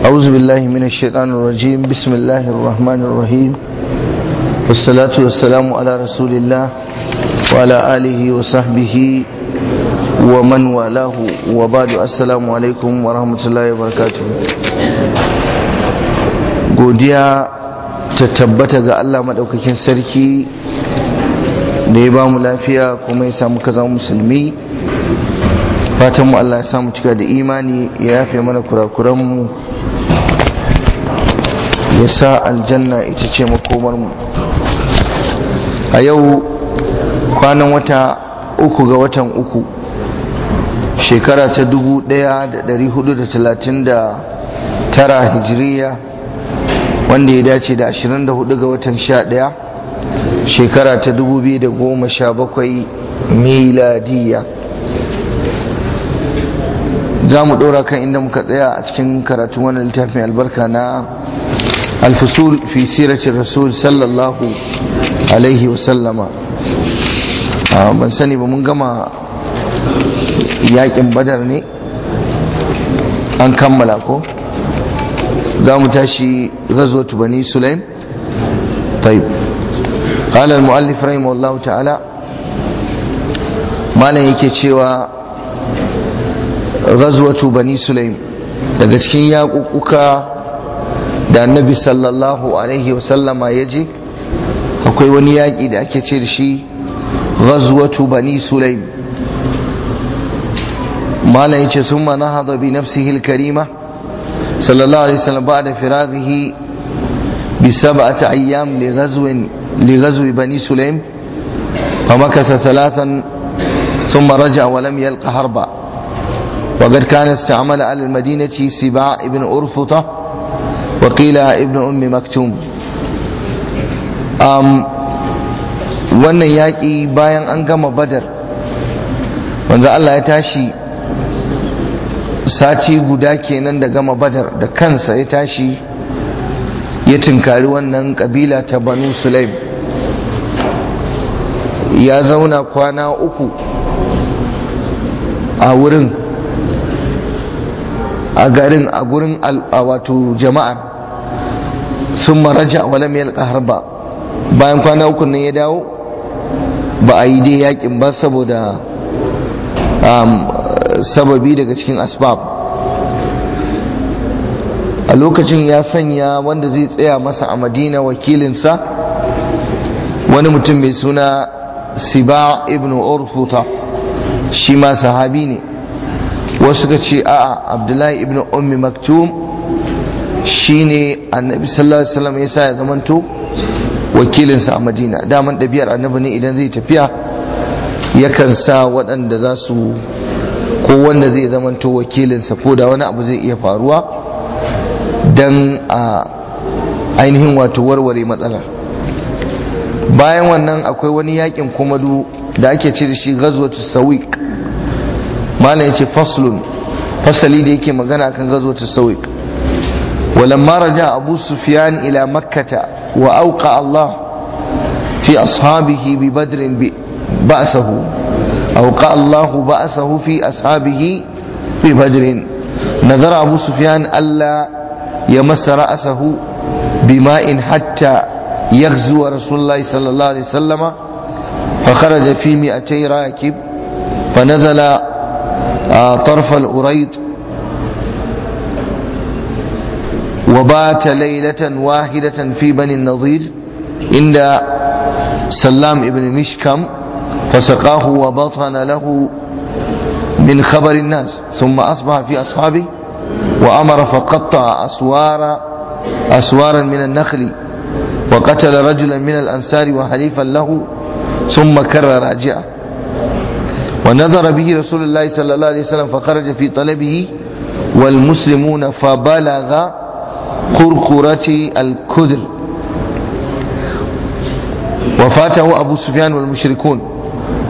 أعوذ بالله من الشيطان الرجيم بسم الله الرحمن الرحيم والصلاة والسلام على رسول الله وعلى آله وصحبه ومن والاه وبعد السلام عليكم ورحمة الله وبركاته godiya ta tabbata ga Allah maɗaukakin sarki da ya ba mu lafiya kuma ya samu kaza musulmi Fatanmu Allah ya samu cika da imani ya yafe mana kurakuranmu ya sa aljanna ita ce makomarmu a yau kwanan wata uku ga watan uku shekara ta 1439 hijiriya wanda ya dace da 24 ga watan 11 shekara ta 2017 miladiya za mu ɗora kan inda muka tsaya a cikin karatun wannan littafin albarka na الفصول في سيرة الرسول صلى الله عليه وسلم sani ba mun gama yakin badar ne ko tashi طيب قال المؤلف رحمه الله تعالى ما yake cewa ghazwat bani daga cikin yakukuka da annabi sallallahu alaihi wasallama ya akwai wani yaki da ake ce da shi ghazwatu bani sulaim malam yace summa nahada bi nafsihi alkarima sallallahu alaihi wasallam ba'da firaghihi bi sab'ati ayyam li ghazwin li ghazwi bani sulaim fa makasa فمكث ثلاثا ثم رجع ولم يلق هربا وقد كان استعمل على المدينة سباع بن أرفطة وقيل ابن أم Maktum, wannan yaƙi bayan an gama badar wanda Allah ya tashi sati guda kenan da gama badar da kansa ya tashi ya tinkari wannan ƙabila ta banu sulaim ya zauna kwana uku a wurin a garin gurin wato jama'ar sun maraja wa lam yalqa harba bayan kwana uku ne ya dawo ba a yi dai yakin ba saboda sababi daga cikin asbab a lokacin ya sanya wanda zai tsaya masa a madina wakilinsa wani mutum mai suna siba ibn urfuta shi ma sahabi ne wasu ka ce a'a abdullahi ibn ummi maktum shine annabi sallallahu alaihi wasallam yasa ya zamanto wakilinsa a madina daman ɗabi'ar annabi ne idan zai tafiya yakan sa waɗanda za su ko wanda zai zamanto wakilinsa ko da wani abu zai iya faruwa don a ainihin wato warware matsala. bayan wannan akwai wani yakin kuma du da ake ce da shi gazwatu sawiq malam ya ce faslun fasali da yake magana kan gazwatu sawiq ولما رجع أبو سفيان إلى مكة وأوقع الله في أصحابه ببدر بأسه أوقع الله بأسه في أصحابه ببدر نذر أبو سفيان ألا يمس رأسه بماء حتى يغزو رسول الله صلى الله عليه وسلم فخرج في مئتي راكب فنزل طرف الأريض وبات ليلة واحدة في بني النظير عند سلام ابن مشكم فسقاه وبطن له من خبر الناس ثم أصبح في أصحابه وأمر فقطع أسوار أسوارا من النخل وقتل رجلا من الأنصار وحليفا له ثم كر راجعا ونظر به رسول الله صلى الله عليه وسلم فخرج في طلبه والمسلمون فبلغ قرقرة الكدر وفاته أبو سفيان والمشركون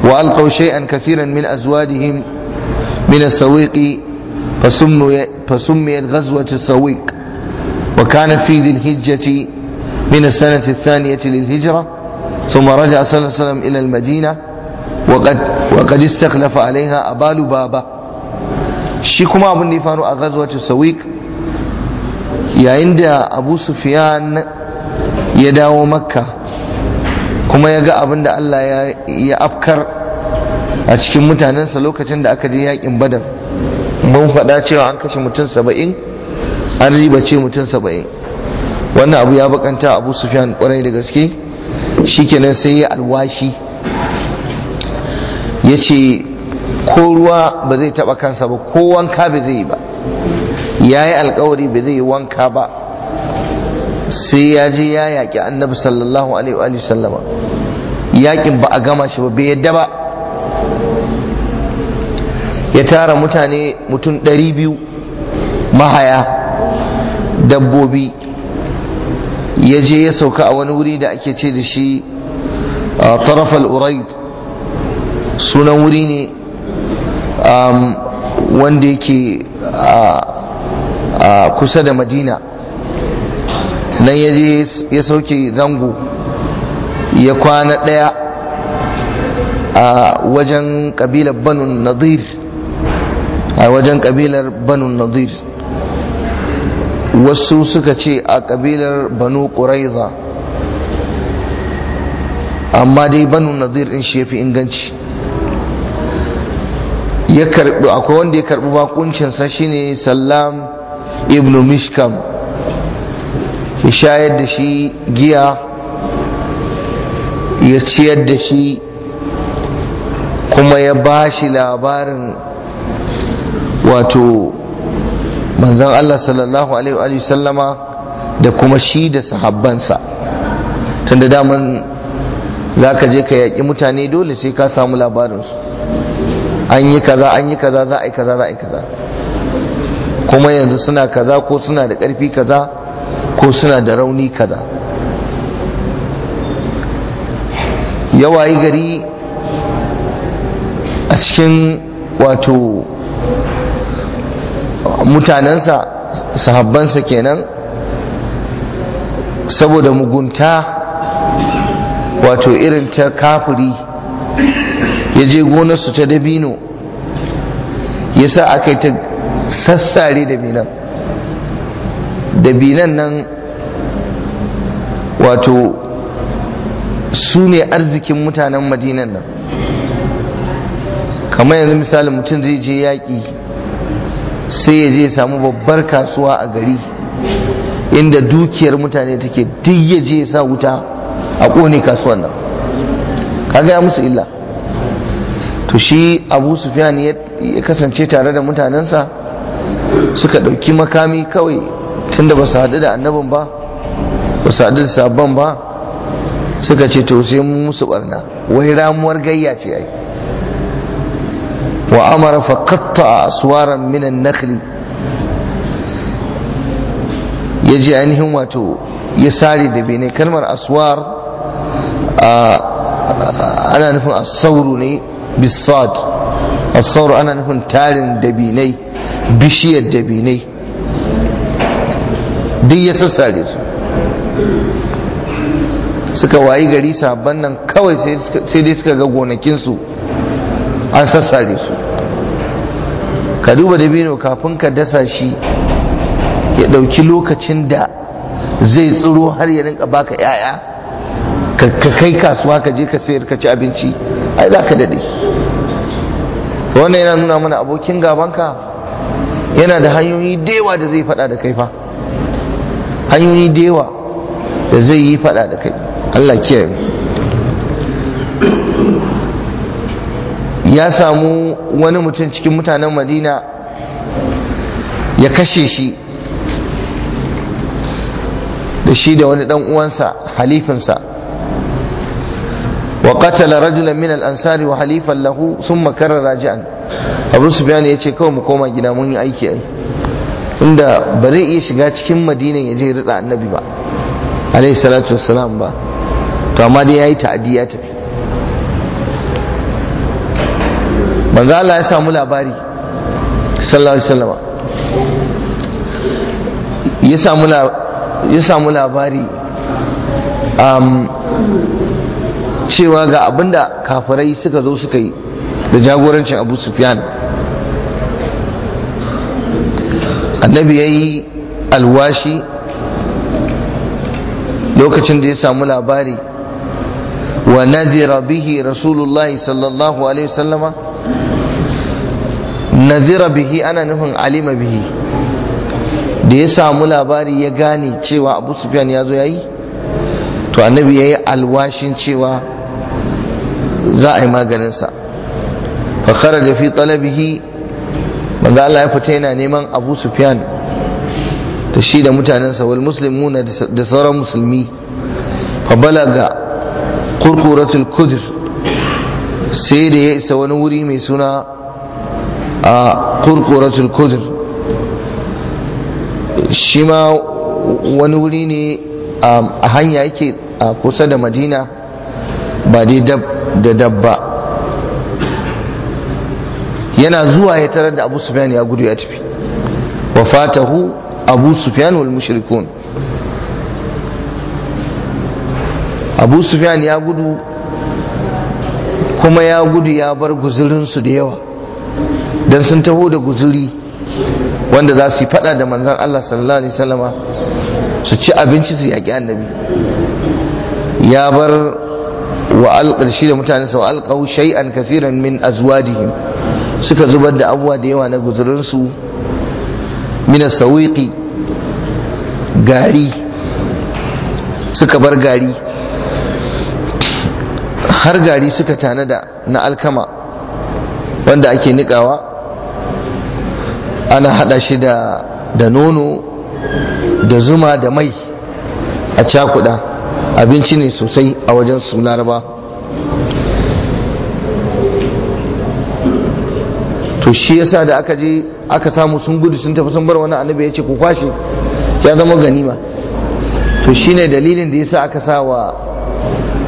وألقوا شيئا كثيرا من أزواجهم من السويق فسميت غزوة السويق وكانت في ذي الهجة من السنة الثانية للهجرة ثم رجع صلى الله عليه وسلم إلى المدينة وقد وقد استخلف عليها أبال بابا shi أبو النفان أغزوة السويق yayin da abu Sufiyan ya dawo makka kuma ya ga abin da allah ya afkar a cikin mutanensa lokacin da aka je yakin badar mun faɗa cewa an kashe mutum saba'in an ribace mutum saba'in wannan abu ya bakanta abu Sufiyan kwarai da gaske shikenan sai ya alwashi ya ce ko ruwa ba zai taba kansa ba ko wanka ba zai yi ba ya yi alkawari ba zai yi wanka ba sai ya je ya yaƙi annabi sallallahu alaihi wa sallama yaƙin ba a gama shi ba bai yadda ba ya tara mutane mutum ɗari biyu mahaya dabbobi ya je ya sauka a wani wuri da ake ce da shi taraf al-uraid sunan wuri ne um, wanda yake a kusa da madina nan ya je ya sauke zango ya kwana ɗaya a wajen ƙabilar banun nadir a wajen ƙabilar banun nadir wasu suka ce a ƙabilar banu ƙuraiza amma dai banun nadir ɗin shi ya fi inganci ya karɓi akwai wanda ya karɓi bakuncinsa shine sallam ibn mishkam ya shayar da shi giya ya ciyar da shi kuma ya ba shi labarin wato manzan Allah sallallahu alaihi sallama da kuma shi da sahabbansa tunda daman za ka je ka yaƙi mutane dole sai ka samu labarinsu an yi kaza an yi kaza za a yi kaza za a yi kaza kuma yanzu suna kaza ko suna da ƙarfi kaza ko suna da rauni kaza yawayi gari a cikin wato mutanensa sahabbansa kenan saboda mugunta wato irin ta kafuri ya je gonarsu ta dabino ya sa aka yi ta sassare dabinan dabinan nan wato su ne arzikin mutanen madinan nan kamar yanzu misalin mutum zai je yaƙi sai ya je samu babbar kasuwa a gari inda dukiyar mutane take duk ya je sa wuta a ƙone kasuwan nan kaga ya musu illa to shi abu sufyan ya kasance tare da mutanensa suka ɗauki makami kawai tunda ba su haɗu da annabin ba ba su haɗu da sabon ba suka ce to sai musu barna wai ramuwar gayya ce ai wa amara fa qatta aswaran min an-nakhli yaji ainihin wato ya sare da bene kalmar aswar ana nufin asauru ne bisad. Asauru ana nufin tarin dabinai bishiyar dabinai duk ya sassare su suka wayi gari sabon nan kawai sai dai suka ga gonakinsu an sassare su ka duba dabino kafin ka dasa shi ya dauki lokacin da zai tsiro har ya rinka baka 'ya'ya ka kai kasuwa ka je ka sayar ka ci abinci ai za ka daɗe wannan yana nuna mana abokin gabanka yana da hanyoyi da da zai faɗa da kai fa hanyoyi da da zai yi faɗa da kai Allah kiyaye ya samu wani mutum cikin mutanen madina ya kashe shi da shi da wani dan uwansa halifinsa wa qatala rajulan min al-ansari wa halifan lahu sun karra raji'an abu sufyan ya ce kawai mu koma gida mun yi aiki ai inda ba zai iya shiga cikin madina ya je ritsa annabi ba alaihi salatu wassalam ba to amma dai yayi ta'adi ya tafi manzo Allah ya samu labari sallallahu alaihi wasallam ya samu ya samu labari um, cewa ga abinda kafirai suka zo suka yi da jagorancin abu sufyan annabi ya yi alwashi lokacin da ya samu labari wa nadhira bihi rasulullahi sallallahu alaihi wasallama nadhira bihi ana nufin alima bihi da ya samu labari ya gane cewa abu sufyan ya zo ya yi to annabi ya yi alwashin cewa za a yi maganinsa fa da fi talabihi manzo Allah ya fita yana neman Abu Sufyan da shi da mutanensa wal muslimuna da sauran musulmi fa balaga qurquratul kudur sai da ya isa wani wuri mai suna a qurquratul kudur shi ma wani wuri ne a hanya yake a kusa da madina ba dai da dabba yana zuwa ya tarar da abu sufyan ya gudu ya tafi wa fatahu abu sufyan wal mushrikun abu sufyan ya gudu kuma ya gudu ya bar su da yawa don sun taho da guzuri wanda za su yi fada da manzan Allah sallallahu alaihi wasallama su ci abinci su yaƙi annabi ya bar wa alƙarshi da mutane sau alƙau shay'an kasiran min azwadihim suka zubar da abuwa da yawa na guzurinsu mina sawiki gari suka bar gari har gari suka tanada na alkama wanda ake nikawa ana hada shi da da nono da zuma da mai a cakuda abinci ne sosai a wajen su ba. to shi yasa da aka je aka samu sun gudu sun tafi sun bar wani annabi ya ce ku kwashe ya zama ganima to shine dalilin da yasa aka sa wa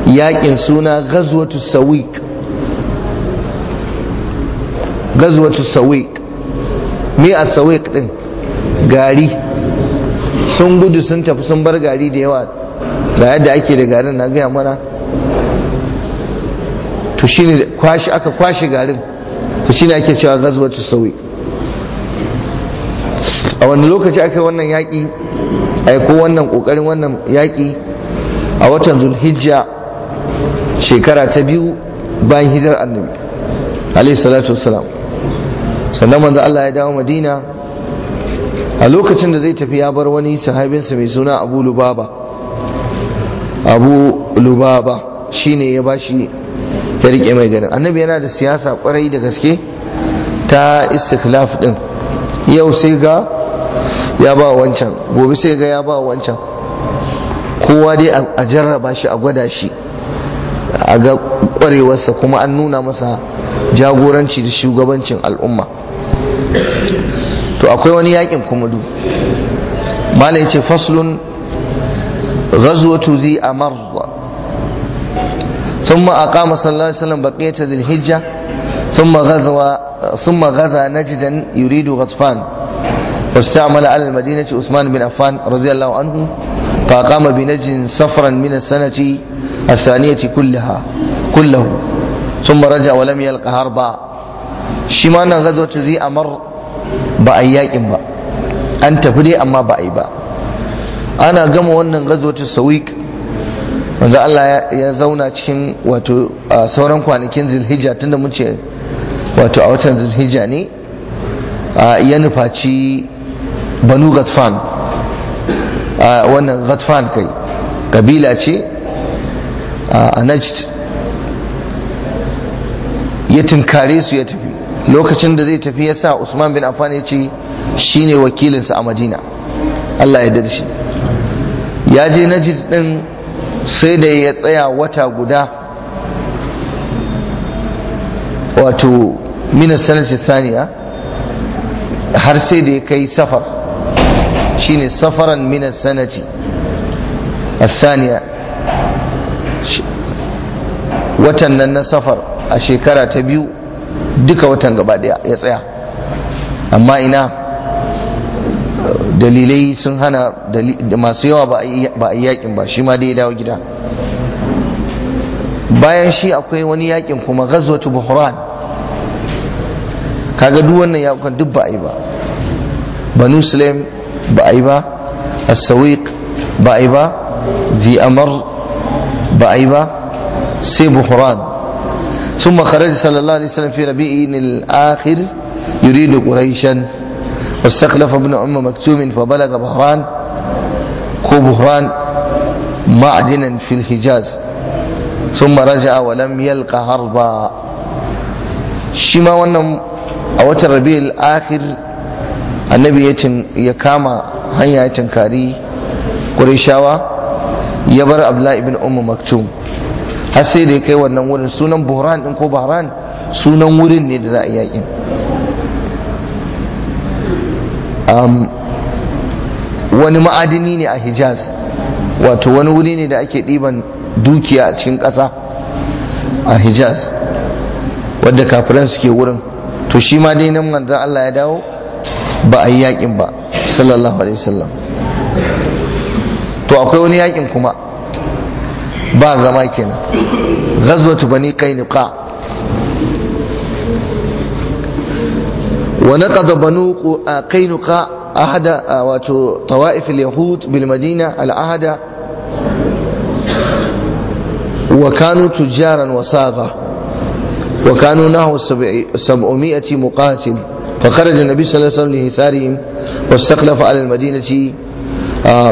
yakin suna ghazwatu sawiq ghazwatu sawiq me a sawiq din gari sun gudu sun tafi sun bar gari da yawa ga yadda ake da garin na gaya mana to shine kwashi aka kwashe garin shi ne ake cewa ta sauyi a wani lokaci aka yi wannan yaƙi a ko wannan ƙoƙarin wannan yaƙi a watan zulhijja shekara ta biyu bayan hijar annabi alaihi salatu wasalam sannan manzo Allah ya dawo madina a lokacin da zai tafi ya bar wani sahabinsa mai suna abu lubaba abu lubaba shine ya bashi ya rike mai garin annabi yana da siyasa kwarai da gaske ta istiklaf din yau sai ga ya ba wancan gobe sai ga ya ba wancan kowa dai a jarraba shi a gwada shi a ga kwarewarsa kuma an nuna masa jagoranci da shugabancin al'umma to akwai wani yakin kumadu malai ce faslun ghazwatu zi amar ثم أقام صلى الله عليه وسلم بقية ذي الحجة ثم غزو ثم غزا نجدا يريد غطفان واستعمل على المدينة عثمان بن عفان رضي الله عنه فأقام بنجد صفرا من السنة الثانية كلها كله ثم رجع ولم يلقى هربا شمانا غزوة ذي أمر بأياك با أنت فدي أما بأي با أنا قم وأن غزوة السويك manzo Allah ya zauna cikin wato sauran kwanakin zilhijja tunda mun ce wato a watan zilhijja ne ya nufaci banu gatfan wannan gatfan kai kabila ce a najd ya tunkare su ya tafi lokacin da zai tafi ya sa usman bin affan ya ce shine wakilinsa a madina Allah ya da ya je najd din sai da ya tsaya wata guda wato minas saniya har sai da ya kai safar shine safaran minas a saniya watan nan na safar a shekara ta biyu duka watan gaba daya ya tsaya amma ina dalilai sun hana masu yawa ba a yi yakin ba shi ma dai dawo gida bayan shi akwai wani yakin kuma ghazwatu buhran kaga duk wannan yakin duk ba a yi ba banu sulaim ba a yi ba as-sawiq ba a yi ba zi amar ba a yi ba sai buhran sun makarar sallallahu alaihi عليه وسلم في ربيع الآخر يريد قريشا واستخلف ابن أم مكتوم فبلغ بهران كو بهران معدنا في الحجاز ثم رجع ولم يلقى Shi ma wannan a watan rabi'ul akhir annabi ya kama hanya ya tunkari qurayshawa ya bar abdullahi ibn ummu maktum har sai da ya kai wannan wurin sunan buhran din ko bahran sunan wurin ne da za a yakin wani ma'adini ne a hijaz wato wani wuri ne da ake ɗiban dukiya a cikin ƙasa a hijaz wadda kafiran suke wurin to shi ma dai nan manzan Allah ya dawo ba a yi yakin ba sallallahu alaihi wasallam to akwai wani yakin kuma ba zama kenan ghazwatu bani qainuqa wa naqada banu qainuqa ahada wato tawaif al-yahud bil madina al-ahada wa kanu tujaran wasaga wa kanu nahu 700 muqatil فخرج النبي صلى الله عليه وسلم لهثارهم واستخلف على المدينة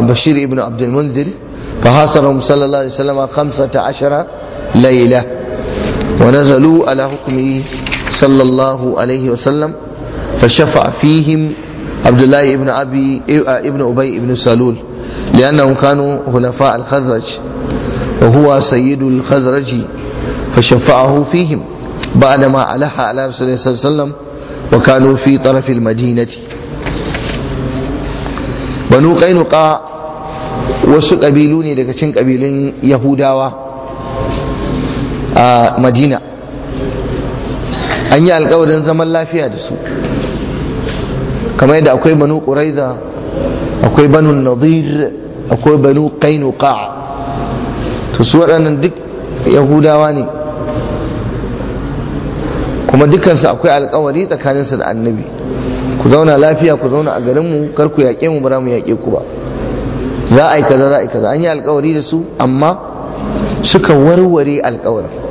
بشير ابن عبد المنذر فحاصرهم صلى الله عليه وسلم خمسة عشر ليلة ونزلوا على حكمه صلى الله عليه وسلم فشفع فيهم عبد الله ابن أبي ابن أبي ابن سلول لأنهم كانوا خلفاء الخزرج وهو سيد الخزرج فشفعه فيهم بعدما ألح على رسول الله صلى الله عليه وسلم وكانوا في طرف المدينة بنو قينقاع wasu ƙabilu ne daga cin ƙabilun yahudawa a madina an yi alkawarin zaman lafiya da su kamar yadda akwai banu ƙuraiza akwai banu nadir akwai banu kainuka to su waɗannan duk yahudawa ne kuma dukansu akwai alkawari tsakaninsu da annabi ku zauna lafiya ku zauna a garinmu kar ku yaƙe mu bara mu yaƙe ku ba za a yi kaza za a yi kaza an yi alkawari da su amma suka warware alkawarin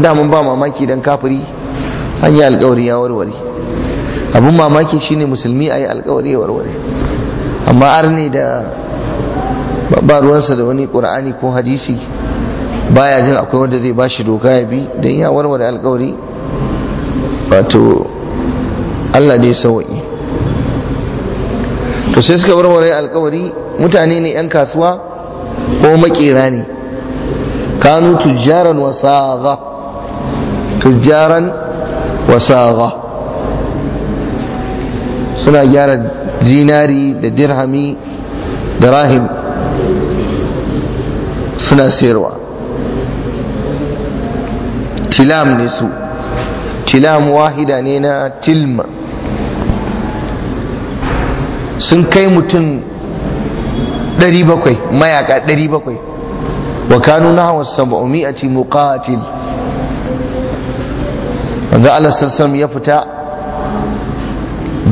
daman ba mamaki don kafiri an yi alkawari ya warware abin mamaki shine musulmi a yi alkawari ya warware amma arne da ba ruwansa da wani qur'ani ko hadisi baya jin akwai wanda zai bashi doka ya bi don ya warware alkawari wato Allah ne sawa'i to sai suka warware alkawari mutane ne yan kasuwa ko makera ne kanu tujjaran wasagha tujjaran wasagha suna gyara zinari da dirhami da rahim suna sayarwa tilam ne su tilam wahida ne na tilma sun kai mutum 700 mayaka 700 wa kanu nahwa 700 muqatil manzo Allah sallallahu ya fita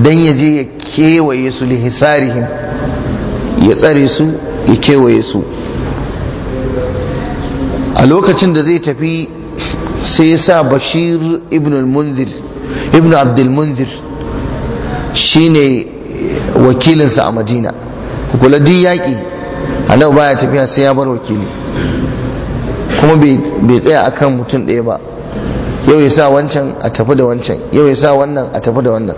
dan ya je ya kewaye su lihisarihim ya tsare su ya kewaye su a lokacin da zai tafi sai ya sa bashir ibn al shi ne shine wakilinsa a madina kula yaƙi annabi baya tafiya sai ya bar wakili kuma bai tsaya akan mutum ɗaya ba yau ya sa wancan a tafi da wancan yau ya sa wannan a tafi da wannan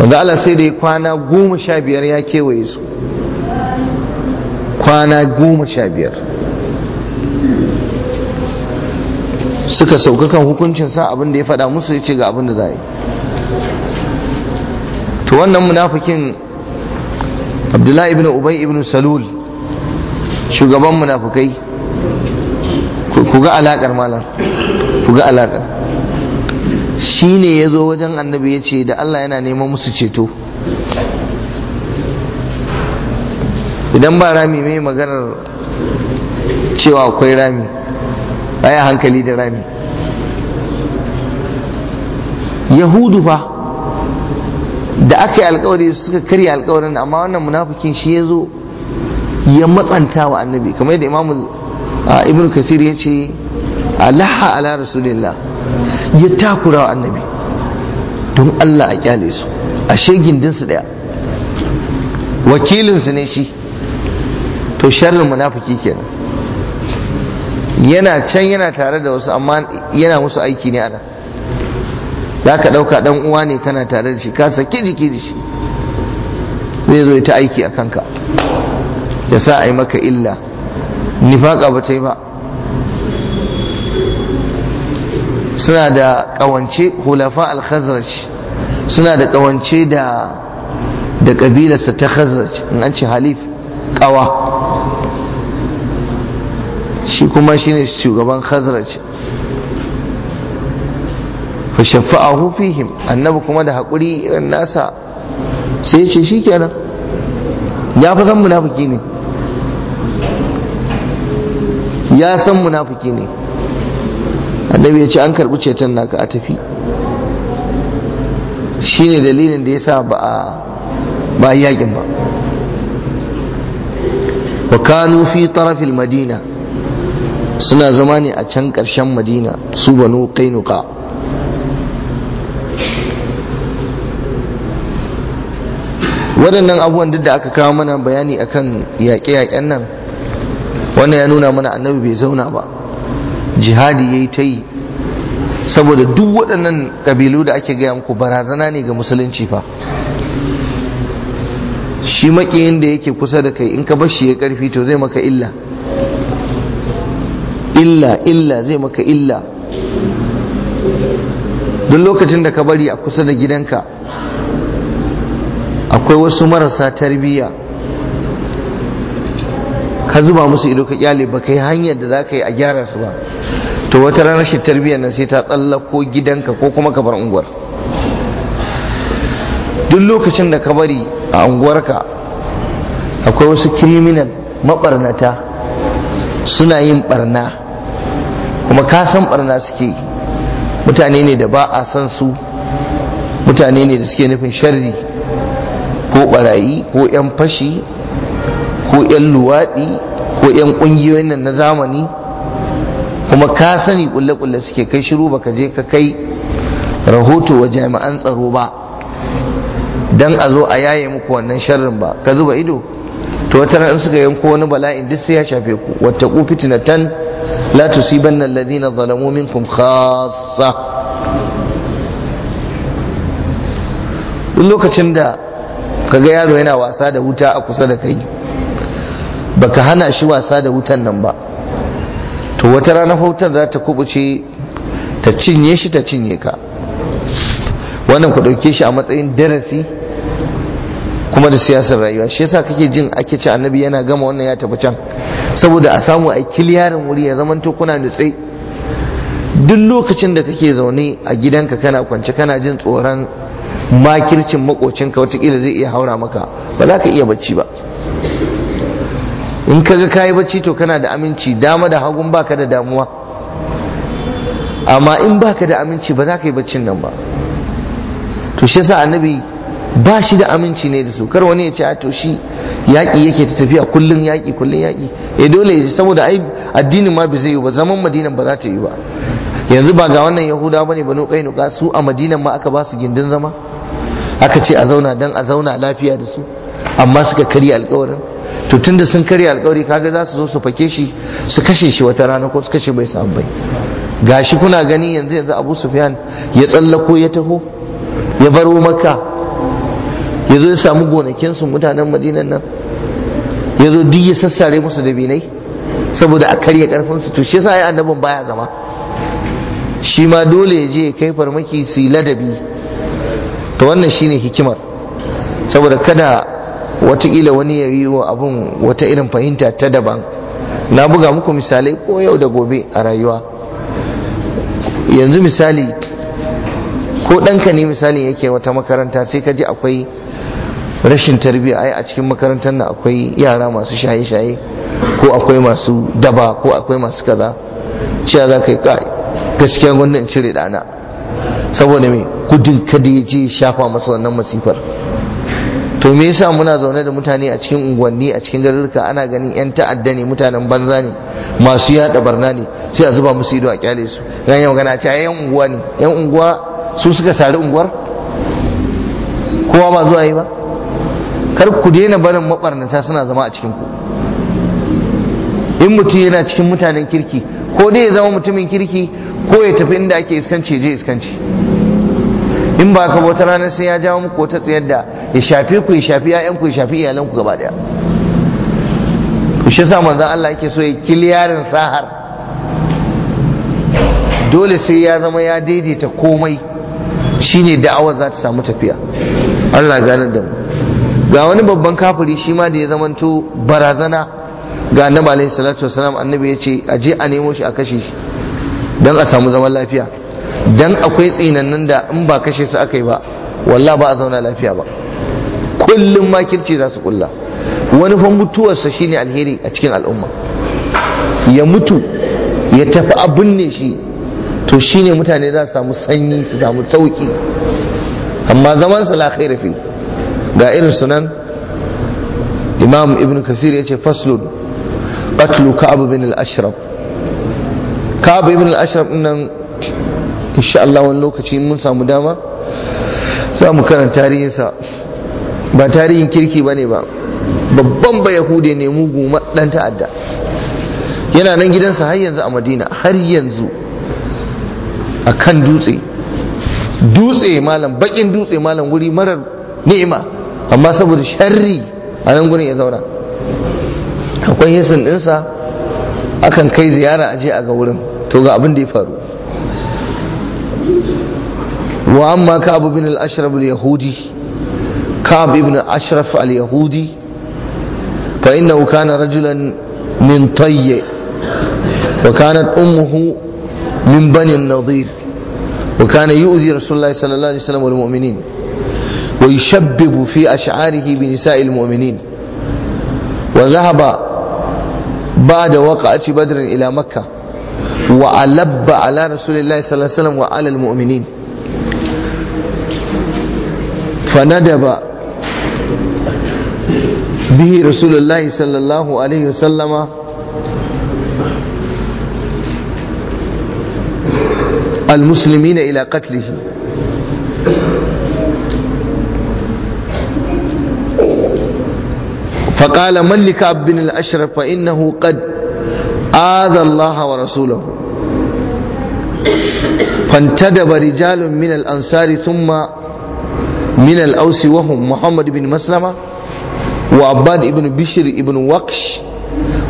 wanda Allah sai da ya kwana goma sha biyar ya kewaye su kwana goma sha biyar suka sauka kan hukuncinsa abin da ya faɗa musu ya ce ga abin da za a yi to wannan munafikin abdullahi ibn ubay ibn salul shugaban munafikai ku ga alakar malam ku ga alakar shi ne ya zo wajen annabi ya ce da Allah yana neman musu ceto idan ba rami mai maganar cewa akwai rami baya hankali da rami yahudu ba. da aka yi alkawari suka karya alkawarin amma wannan munafikin shi ya zo ya matsanta wa annabi kamar yadda imamu ibn kasir ya ce alaha ala rasulillah ya takura wa annabi don allah a kyale su a shegin dinsu daya wakilinsu ne shi to sharrin munafiki kenan yana can yana tare da wasu amma yana musu aiki ne anan za ka ɗauka ɗan uwa ne kana tare da shi ka saki jiki shi zai zo ta aiki a kanka ya sa a yi maka illa nifaƙa ba ta yi ba suna da ƙawance hulafa al suna da ƙawance da ƙabilarsa ta khazraj in an ce halif ƙawa shi kuma shine shugaban khazraj fa shafa'ahu fihim annabi kuma da hakuri irin nasa sai ce shikenan ya fa san munafiki ne ya san munafiki ne annabi ya ce an karɓi ceton naka a tafi shine dalilin da ya sa ba a ba yakin ba wa kanu fi tarafil madina suna zama ne a can ƙarshen madina su banu kainuka waɗannan abubuwan duk da aka kawo mana bayani akan yaƙe-yaƙen nan wannan ya nuna mana annabi bai zauna ba jihadi ya yi ta yi saboda duk waɗannan ƙabilu da ake gaya muku barazana ne ga musulunci fa shi maƙiyin da yake kusa da kai in ka bar shi ya ƙarfi to zai maka illa illa illa zai maka illa duk lokacin da ka bari a kusa da gidanka akwai wasu marasa tarbiyya ka zuba musu ido ka kyale ba yi hanyar da za ka yi a gyara su ba to wata ranar shi tarbiyyar nan sai ta tsallako gidanka ko kuma ka bar unguwar duk lokacin da ka bari a unguwarka akwai wasu kiriminal mabarnata suna yin barna kuma ka san barna suke mutane ne da ba a san su mutane ne da suke nufin sharri ko barayi ko 'yan fashi ko 'yan luwaɗi ko 'yan ƙungiyoyin nan na zamani kuma ka sani ƙulle-ƙulle suke kai shiru baka je ka kai rahoto wa jami'an tsaro ba dan a zo a yaye muku wannan sharrin ba ka zuba ido to wata ran suka yanko wani bala'in duk sai ya shafe ku wata wattaqu fitnatan la tusibanna alladhina zalamu minkum khassa duk lokacin da kaga yaro yana wasa da wuta a kusa da kai baka hana shi wasa da wutan nan ba to wata rana wutan za ta kubuce ta cinye shi ta cinye ka wannan ku ɗauke shi a matsayin darasi kuma da siyasar rayuwa shi yasa kake jin ake ce annabi yana gama wannan ya tafi can saboda a samu a kiliyarin wuri ya to kuna nutse duk lokacin da kake zaune a gidanka kana kwance kana jin tsoron makircin makocinka watakila zai iya haura maka ba za ka iya bacci ba in ka kayi bacci to kana da aminci dama da hagun baka da damuwa amma in baka da aminci ba za ka yi baccin nan ba to shi sa annabi ba shi da aminci ne da su kar wani ya ce a to shi yaƙi yake ta tafiya kullum yaƙi kullum yaƙi eh, ya dole saboda ai addinin ma bai zai yi ba zaman madinan ba za ta yi ba yanzu ba ga wannan yahuda bane banu qainuqa su a madinan ma aka ba su gindin zama aka ce a zauna dan a zauna lafiya da su amma suka karya alƙawarin. to tunda sun karya alkawari kaga za su zo su fake shi su kashe shi wata rana ko su kashe bai samu bai gashi kuna gani yanzu yanzu Abu Sufyan ya tsallako ya taho ya baro Makka ya zo ya samu gonakin su mutanen Madinan nan ya zo duk ya sassare musu da binai saboda a karya karfin su to shi yasa ai annabin baya zama shi ma dole ya je ya kai farmaki su ladabi to wannan shine hikimar saboda kada watakila wani ya yi wa abun wata irin fahimta ta daban na buga muku misalai ko yau da gobe a rayuwa yanzu misali ko ɗanka ne misali yake wata makaranta sai ka ji akwai rashin tarbiyya ai a cikin makarantar nan akwai yara masu shaye-shaye ko akwai masu daba ko akwai masu kaza cewa za ka yi gaskiya wannan in cire dana saboda me gudun kada ya ce shafa masa wannan masifar to me yasa muna zaune da mutane a cikin unguwanni a cikin garuruka ana ganin yan ta'adda ne mutanen banza ne masu yada barna ne sai a zuba musu ido a kyale su ran yau gana cewa yan unguwa ne yan unguwa su suka sari unguwar kowa ba zuwa yi ba kar ku daina barin mabarnata suna zama a cikin ku in mutum yana cikin mutanen kirki ko dai ya zama mutumin kirki ko ya tafi inda ake iskanci je iskanci in ba ka bauta ranar sai ya jawo muku wata tsayar da ya shafe ku ya shafi ku ya shafi iyalanku gaba daya shi sa manzon Allah yake so ya kiliyarin sahar dole sai ya zama ya daidaita komai shine da'awar za ta samu tafiya Allah ganar da mu ga wani babban kafiri shi ma da ya zamanto barazana ga annabi alaihi salatu wasalam annabi ya ce a je a nemo shi a kashe shi don a samu zaman lafiya don akwai tsinannin da in ba kashe su aka yi ba wallah ba a zauna lafiya ba kullum makirci za su kulla wani fa mutuwarsa shine alheri a cikin al'umma ya mutu ya tafi a binne shi to shine mutane za su samu sanyi su samu sauki amma zaman sa la ga irin sunan imam ibn kasir ya ce faslun Ka abu bin al-ashraf ka'ab bin al-ashraf nan insha Allah wani lokaci mun samu dama za mu karanta tarihinsa ba tarihin kirki bane ba babban ba yahude ne mugu dan ta'adda yana nan gidansa har yanzu a madina har yanzu a kan dutse dutse malam bakin dutse malam wuri marar ni'ima amma saboda sharri a nan gurin ya zauna akwai yasin ɗinsa. akan kai ziyara aje a ga wurin to ga abin da ya faru wa amma ka'ab ibn al-ashraf al-yahudi ka'ab ibn al-ashraf al-yahudi fa innahu kana rajulan min tayy wa kanat ummuhu min bani an-nadir wa kana yu'zi rasulullah sallallahu alaihi wasallam wal mu'minin wa yushabbibu fi ash'arihi bi nisa'il mu'minin وذهب بعد وقعة بدر إلى مكة وألب على رسول الله صلى الله عليه وسلم وعلى المؤمنين فندب به رسول الله صلى الله عليه وسلم المسلمين إلى قتله فقال ملك بن الأشرف فإنه قد آذى الله ورسوله فانتدب رجال من الأنصار ثم من الأوس وهم محمد بن مسلمة وعباد بن بشر بن وقش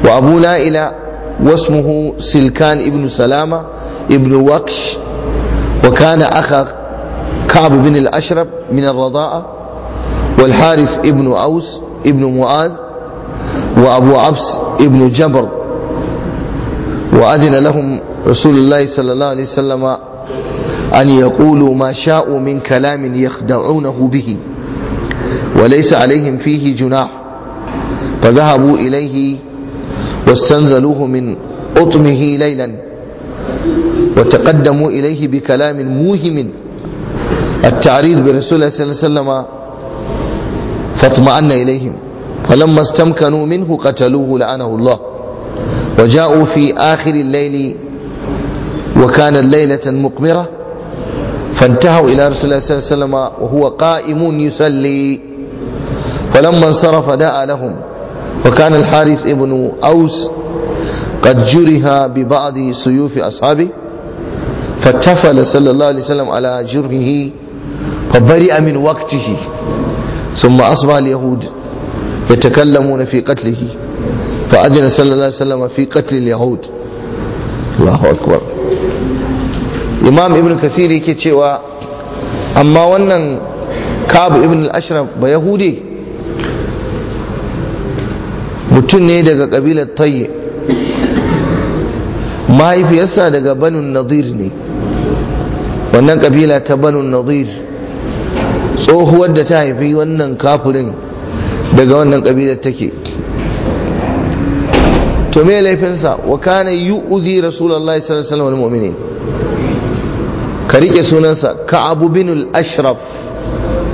وأبو لائلة واسمه سلكان بن سلامة بن وقش وكان أخا كعب بن الأشرف من الرضاء والحارث بن أوس ابن معاذ وأبو عبس ابن جبر وأذن لهم رسول الله صلى الله عليه وسلم أن يقولوا ما شاءوا من كلام يخدعونه به وليس عليهم فيه جناح فذهبوا إليه واستنزلوه من قطمه ليلا وتقدموا إليه بكلام موهم التعريض برسول الله صلى الله عليه وسلم فاطمأن إليهم فلما استمكنوا منه قتلوه لعنه الله وجاءوا في آخر الليل وكان الليلة مقمرة فانتهوا إلى رسول الله صلى الله عليه وسلم وهو قائم يصلي فلما انصرف دعا لهم وكان الحارث ابن أوس قد جرح ببعض سيوف أصحابه فاتفل صلى الله عليه وسلم على جرحه فبرئ من وقته ثم أصبح اليهود يتكلمون في قتله فأذن صلى الله عليه وسلم في قتل اليهود الله أكبر إمام ابن كثير كتشوا أما ونن كعب ابن الأشرف بيهودي mutum ne daga ƙabilar tayye mahaifiyarsa daga banun nadir ne wannan ƙabila ta banun nadir tsohuwar da ta haifi wannan kafirin daga wannan kabilar take to me laifinsa wa kana yu'zi rasulullahi sallallahu alaihi wasallam mu'minin ka rike sunansa ka'ab bin al-ashraf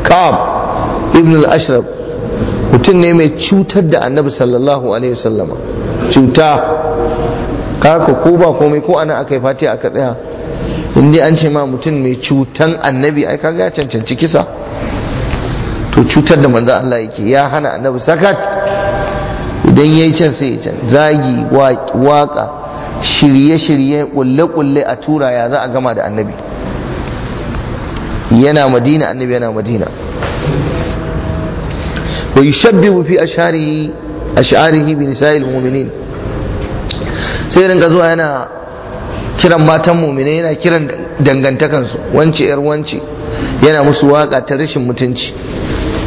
ka'ab ibn al-ashraf mutum ne mai cutar da annabi sallallahu alaihi wasallama cuta kaka ko ba komai ko ana akai yi fati aka tsaya in an ce ma mutum mai cutan annabi ai kaga ya cancanci kisa to cutar da manzo Allah yake ya hana annabi sakat idan yayi can sai ya can zagi waka shirye-shirye kulle-kulle a tura ya za a gama da annabi yana madina annabi yana madina wa yushabbihu fi asharihi asharihi bi nisa'il mu'minin sai rinka zuwa yana kiran matan mu'mine yana kiran dangantakansu wance yar wance yana musu waka ta rashin mutunci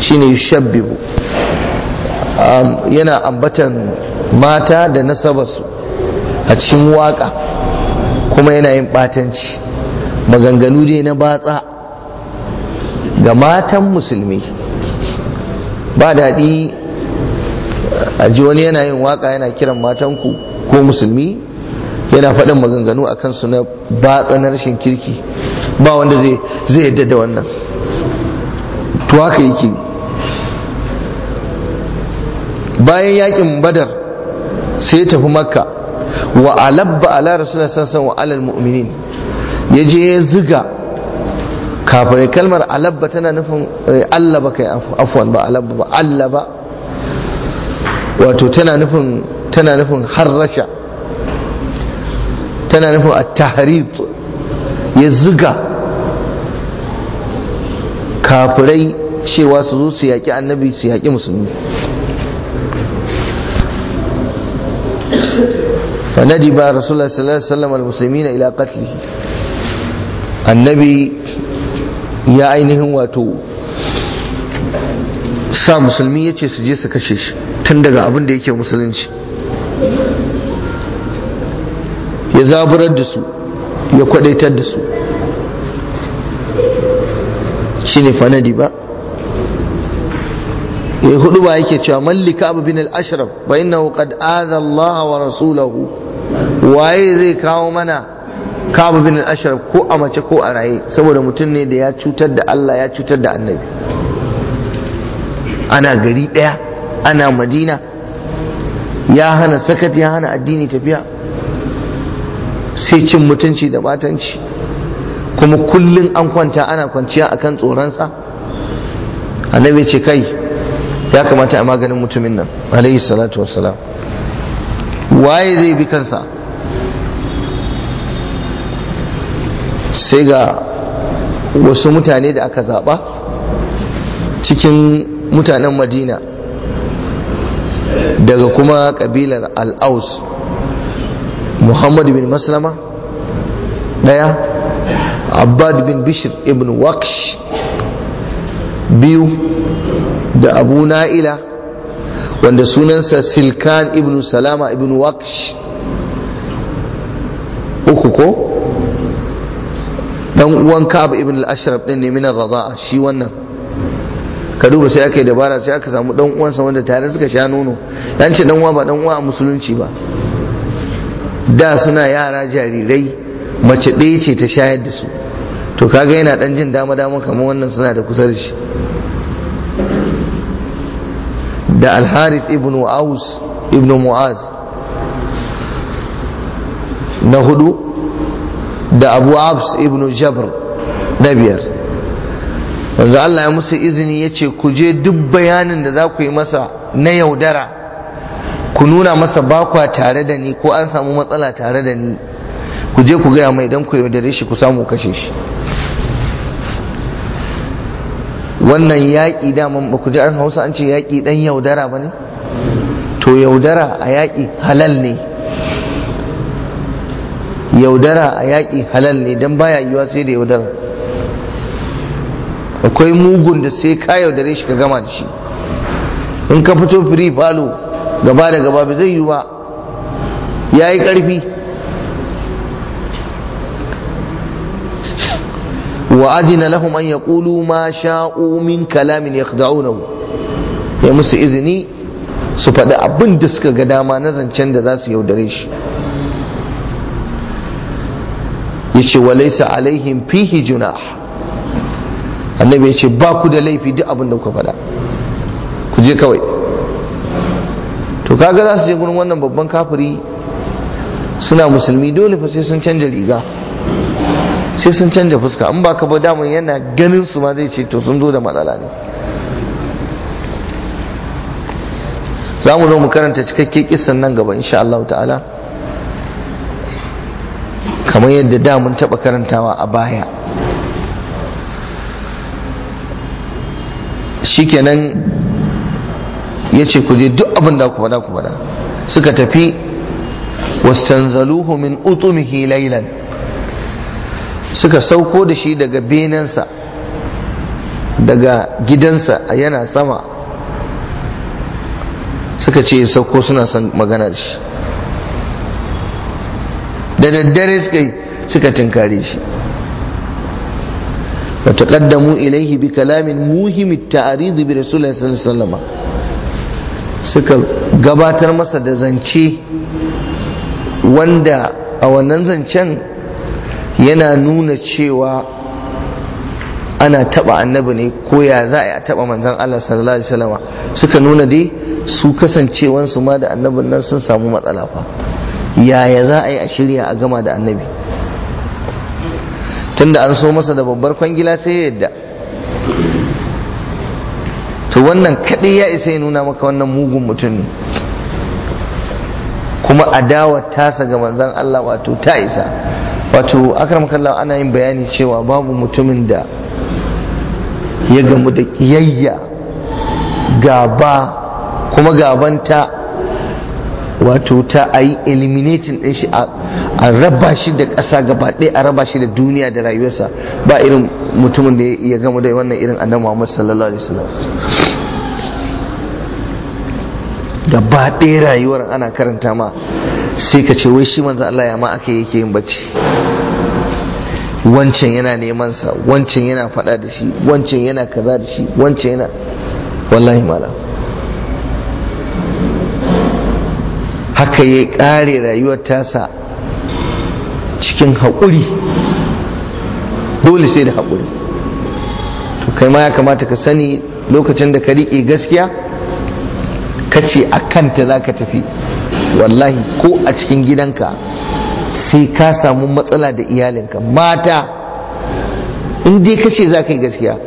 shine shabbibu. Um, yana ambatan mata da nasabarsu a cikin waka kuma yana yin batanci maganganu ne na batsa ga matan musulmi ba daɗi a ji wani yana yin waka yana kiran matanku ko musulmi yana faɗin maganganu a kansu na batsa na rashin kirki ba wanda zai yadda da wannan to haka yake bayan yakin badar sai tafi makka wa alabba ala rasul sallallahu alaihi wa mu'minin ya je ya ziga kafirai kalmar alabba tana nufin eh, allaba kai afwan ba alabba ba Allah ba wato tana nufin tana nufin harrasha tana nufin at-tahrid ya ziga kafirai cewa su zo su yaƙi annabi su yaƙi musulmi فندب رسول الله صلى الله عليه وسلم المسلمين إلى قتله النبي يا عينهم واتو sa musulmi yace ce su je su kashe shi tun daga abin da yake musulunci ya zaburar da su ya kwadaitar da su shine fanadi ba ya hudu ba yake cewa mallika abu bin al-ashraf ba inna qad adha Allah wa rasulahu waye zai kawo mana kabu bin ashraf ko a mace ko a raye saboda mutum ne da ya cutar da Allah ya cutar da annabi ana gari ɗaya ana madina ya hana sakat ya hana addini tafiya sai cin mutunci da batanci kuma kullum an kwanta ana kwanciya akan tsoronsa annabi ce kai ya kamata a maganin mutumin nan alayhi salatu wassalam waye zai bi kansa sai ga wasu mutane da aka zaba cikin mutanen madina daga kuma ƙabilar al'aus muhammad bin maslama ɗaya abbad bin bishir ibn waqsh biyu da abu na'ila wanda sunansa silkan ibn salama ibn waksh uku ko dan uwan ka'ab ibn al-ashraf din ne min ar-rada'a shi wannan ka duba sai aka yi dabara sai aka samu dan uwansa wanda tare suka sha nono dan ce dan uwa ba dan uwa a musulunci ba da suna yara jarirai mace ɗaya ce ta shayar da su to kaga yana dan jin dama dama kamar wannan suna da kusa da shi da al-harith ibn aus ibn mu'az na hudu da abu abs ibn jabr na biyar wanzu Allah ya musu izini ya ce ku je duk bayanin da za ku yi masa na yaudara ku nuna masa bakwa tare da ni ko an samu matsala tare da ni ku je ku gaya mai don ku yaudare shi ku samu kashe shi wannan yaƙi daman ba ku ji an hausa an ce yaƙi ɗan yaudara ba ne to yaudara a yaƙi halal ne yaudara a yaƙi halal ne don baya yiwa sai da yaudara akwai mugun da sai ka yaudare shi ka gama da shi in ka fito firi falo gaba da gaba ba zai yi ba ya yi ƙarfi wa azina lahum an yaqulu ma sha'u min kalamin yakhda'unahu ya musu izini su faɗi abin da suka ga dama na zancen da za su yaudare shi yace walaysa alaihim fihi juna. annabi yace ba ku da laifi duk abin da kuka faɗa ku je kawai to kaga za su je gurin wannan babban kafiri suna musulmi dole fa sai sun canja riga sai sun canja fuska in ba ka ba damar yana ganin su ma zai ce to sun zo da matsala ne za mu zo mu karanta cikakke kisan nan gaba insha Allah ta'ala kamar yadda da mun taɓa karantawa a baya shikenan ya ce ku je duk abin da ku ku bada suka tafi wastanzaluhu min utumihi laylan suka sauko da shi daga benensa daga gidansa yana sama suka ce sauko suna son magana da shi da daddare suka yi suka tinkare shi wa taqaddamu ilayhi bi kalamin muhim at-ta'rid bi rasulillahi sallallahu alaihi suka gabatar masa da zance wanda a wannan zancen yana nuna cewa ana taba annabi ne ko ya za a taba manzon Allah sallallahu alaihi wasallam suka nuna dai su kasancewansu ma da annabin nan sun samu matsala fa yaya za a yi a shirya a gama da annabi tunda an so masa da babbar kwangila sai ya yadda to wannan kaɗai ya isa ya nuna maka wannan mugun mutum ne kuma adawar tasa ga manzan Allah wato ta isa wato akram kallawa ana yin bayani cewa babu mutumin da ya gamu da kiyayya gaba kuma gabanta wato ta a yi eliminating din shi a raba shi da ƙasa gaba ɗaya a raba shi da duniya da rayuwarsa ba irin mutumin da ya gama da wannan irin annabi Muhammad sallallahu alaihi wasallam gaba ɗaya rayuwar ana karanta ma sai ka ce wai shi manzo Allah ya ma aka yake yin bacci wancan yana neman sa wancan yana faɗa da shi wancan yana kaza da shi wancan yana wallahi malam haka ya ƙare rayuwar tasa cikin haƙuri dole sai da haƙuri to kai ma ya kamata ka sani lokacin da ka riƙe gaskiya ka ce a kanta za ka tafi wallahi ko a cikin gidanka sai ka samu matsala da iyalinka mata in dai ka ce za ka yi gaskiya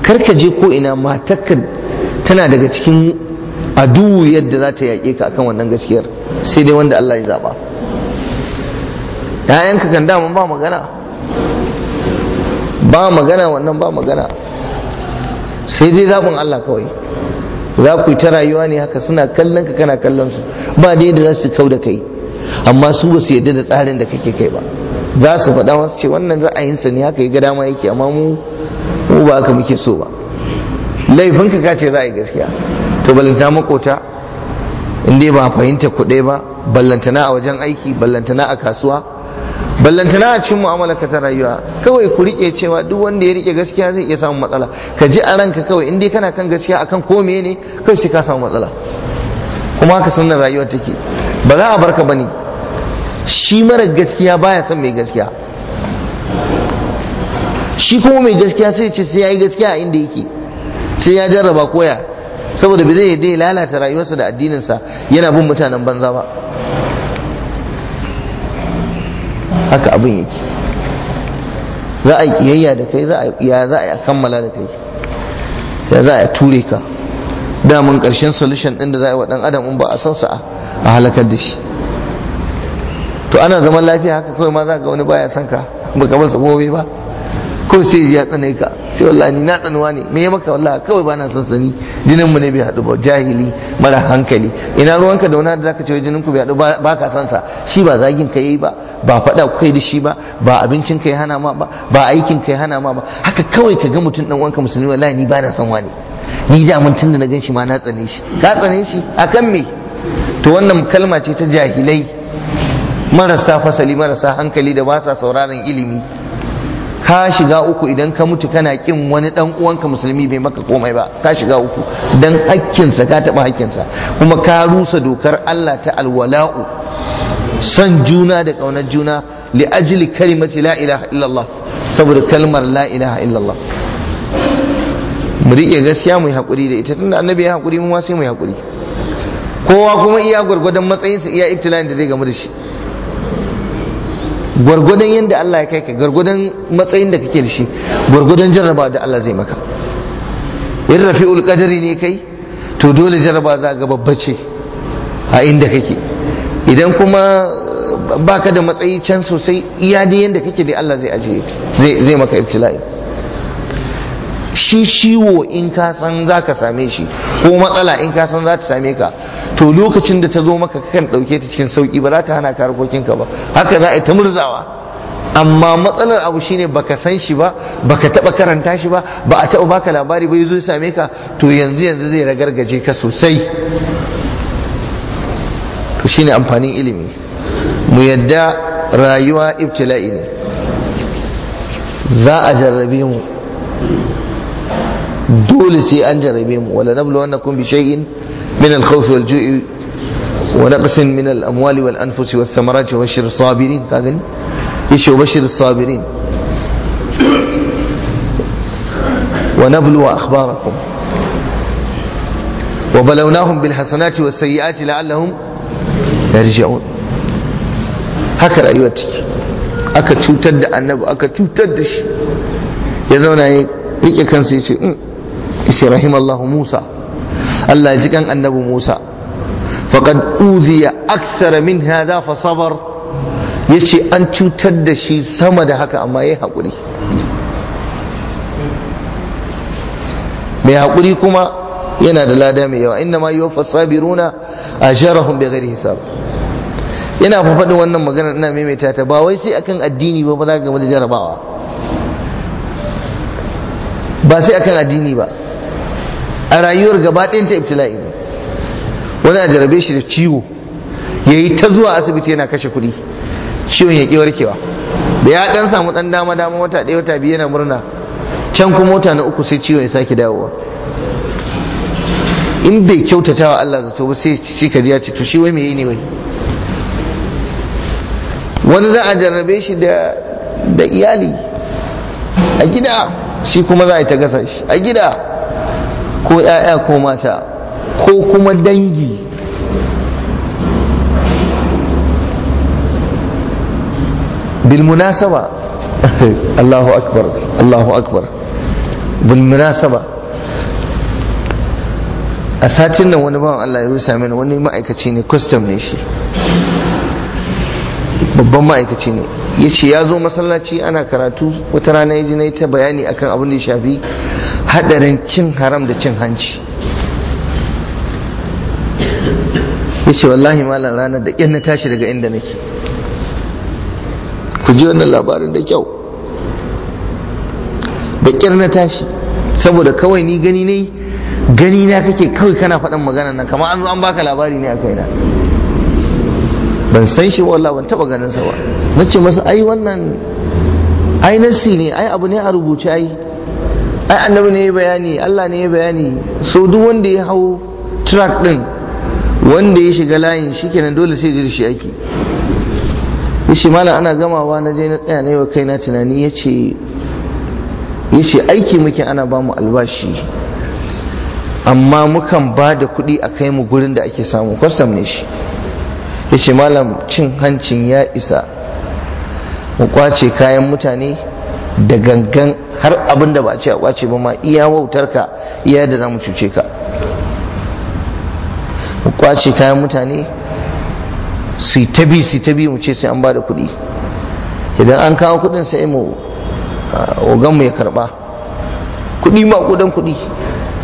karka je ko ina matakan tana daga cikin adu yadda za ta yaƙe ka akan wannan gaskiyar sai dai wanda Allah ya zaba ƴaƴanka kan dama ba magana ba magana wannan ba magana sai dai zaɓin Allah kawai za ku yi ta rayuwa ne haka suna kallon ka kana kallon su ba dai da za su kau da kai amma su ba su yarda da tsarin da kake kai ba za su faɗa masu ce wannan ra'ayinsa ne haka ya ga dama yake amma mu mu ba haka muke so ba laifinka ka ce za a yi gaskiya to ballantana makota in dai ba fahimta kuɗe ba ballantana a wajen aiki ballantana a kasuwa ballantana a cikin mu'amala ka ta rayuwa kawai ku rike cewa duk wanda ya rike gaskiya zai iya samun matsala ka ji a ranka kawai in dai kana kan gaskiya akan kome ne kai sai ka samu matsala kuma haka sunnar rayuwar take ba za a barka ne shi mara gaskiya baya son mai gaskiya shi kuma mai gaskiya sai ce sai ya yi gaskiya a inda yake sai ya jarraba koya saboda bai zai dai lalata rayuwarsa da addininsa yana bin mutanen banza ba haka abin yake za a yi kiyayya da kai ya za a kammala da kai ya za a yi ture ka damun karshen solution ɗin da za a yi wa ɗan adam in ba a san sa a halakar da shi to ana zaman lafiya haka kawai ma za ga wani baya son ka ba ka masa gobe ba ko sai ya tsane ka sai wallahi ni na tsanuwa ne me ya maka wallahi kawai bana son sani jinin mu ne bai hadu ba jahili mara hankali ina ruwanka da wani da zaka ce jinin ku bai hadu ba ka san sa shi ba zagin ka yi ba ba fada kai da shi ba ba abincin ka ya hana ma ba ba aikin ka ya hana ma ba haka kawai ka ga mutum dan uwanka musulmi wallahi ni bana son wani ni da mun tunda na gan shi ma na tsane shi ka tsane shi akan me to wannan kalma ce ta jahilai marasa fasali marasa hankali da ba sa sauraron ilimi ka shiga uku idan ka mutu kana kin wani dan uwanka musulmi bai maka komai ba ka shiga uku dan hakkinsa ka taba hakkinsa kuma ka rusa dokar Allah ta alwala'u san juna da kaunar juna li ajli kalimati la ilaha illallah saboda kalmar la ilaha illallah mu riƙe gaskiya mu yi haƙuri da ita tunda annabi ya haƙuri mu ma sai mu yi haƙuri kowa kuma iya gwargwadon matsayinsa iya ibtila'in da zai gamu da shi gwargwadon yadda Allah ya kai ka gwargwadon matsayin da kake da shi gwargwadon jarraba da Allah zai maka in rafi ulƙadari ne kai to dole jarraba za ga babba ce a inda kake idan kuma baka da matsayi can sosai iya da yadda kake da Allah zai ajiye maka ibtila'i shi ciwo in ka san za ka same shi ko matsala in ka san za ta same ka to lokacin da ta zo maka kan ɗauke ta cikin sauƙi ba za ta hana ka ka ba haka za a yi ta murzawa amma matsalar abu shine baka san shi ba baka taba karanta shi ba ba a taba baka labari ba yazo ya same ka to yanzu yanzu zai ragargaje ka sosai to shine amfanin ilimi mu yadda rayuwa ibtila'i ne za a jarrabe mu دول سي انجر بهم ولا نبلو انكم بشيء من الخوف والجوع ونقص من الاموال والانفس والثمرات وبشر الصابرين تاغني ايش وبشر الصابرين ونبلو اخباركم وبلوناهم بالحسنات والسيئات لعلهم يرجعون haka rayuwar take aka cutar da annabi aka cutar rike kansa yace in mm. yace rahimallahu Musa Allah ya ji kan annabi Musa faqad uziya akthara min hadha fa sabar yace an cutar da shi sama da haka amma yayi hakuri mai hakuri kuma yana da lada mai yawa inna ma yuwaffa sabiruna ajrahum bighairi hisab yana fa faɗin wannan magana ina maimaita ta ba wai sai akan addini ba ba za ka da jarabawa ba sai akan addini ba a rayuwar gaba ɗayan ta ibtila'i ne wani a jarabe shi da ciwo ya yi ta zuwa asibiti yana kashe kuɗi ciwon ya ƙi warkewa da ya ɗan samu ɗan dama dama wata ɗaya wata biyu yana murna can kuma wata na uku sai ciwon ya sake dawowa in bai kyautata wa Allah zato ba sai ci ka ce to shi wai me yi ne wai wani za a jarrabe shi da iyali a gida shi kuma za a yi ta gasa shi a gida ko 'ya'ya ko mata ko kuma dangi bilmunasaba allahu akbar allahu akbar bilmunasaba a satin nan wani bawan Allah ya zo sami wani ma'aikaci ne custom ne shi babban ma'aikaci ne ya ce ya zo masallaci ana karatu wata rana ya ji na ta bayani akan abin da ya shafi hadarin cin haram da cin hanci ya ce wallahi malam ranar da ƙin na tashi daga inda nake ku ji wannan labarin da kyau da ƙir na tashi saboda kawai ni gani ne gani na kake kawai kana faɗin magana nan kamar an zo an baka labari ne a kaina ban san shi wallah ban taba ganin sa ba nace masa ai wannan ai nasi ne ai abu ne a rubuce ai ai annabi ne ya bayani Allah ne ya bayani so duk wanda ya hau track din wanda ya shiga layin shikenan dole sai ya shi aiki shi malam ana gamawa na je na tsaya ne wa kaina tunani yace yace aiki muke ana bamu albashi amma mukan ba da kuɗi a kai mu gurin da ake samu kwastam ne shi ya ce malam cin hancin ya isa mu kwace kayan mutane da gangan har abin da ba a ce a kwace ba ma iya wautar ka iya da za mu cuce ka mu kwace kayan mutane su ta tabi su ta tabi mu ce sai an ba da kuɗi idan an kawo kuɗin sai mu ogan mu ya karba kuɗi ma kudin kuɗi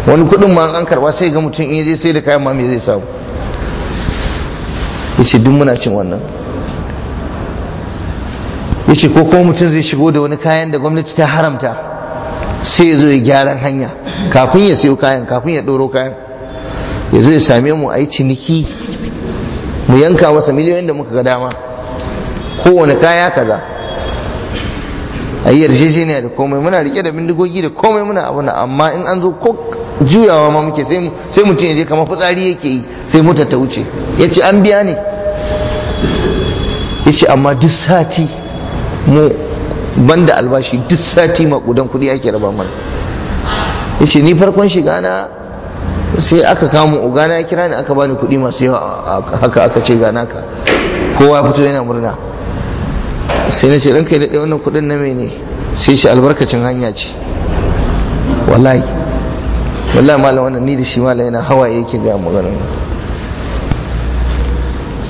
wani kuɗin ma an karba sai ga mutum in je sai da kayan ma me zai samu ya ce duk muna cin wannan ya ce ko kuma mutum zai shigo da wani kayan da gwamnati ta haramta sai ya zo ya gyaran hanya kafin ya siyo kayan kafin ya ɗoro kayan ya zo ya same mu a yi ciniki mu yanka masa miliyoyin da muka ga dama kowane kaya kaza a yi yarjejeniya da komai muna rike da bindigogi da komai muna abu na amma in an zo ko juyawa ma muke sai mutum ya je kamar fitsari yake yi sai mota ta wuce ya ce an biya ne ya ce amma duk sati mu banda albashi duk sati makudan kudi ake raba mana ya ce ni farkon shiga na sai aka kamo ogana ya kira ni aka bani kudi masu yawa haka aka ce gana ka kowa ya fito yana murna sai na ce ranka ya daɗe wannan kudin na mene sai shi albarkacin hanya ce wallahi wallahi malam wannan ni da shi malam yana hawaye yake ga maganar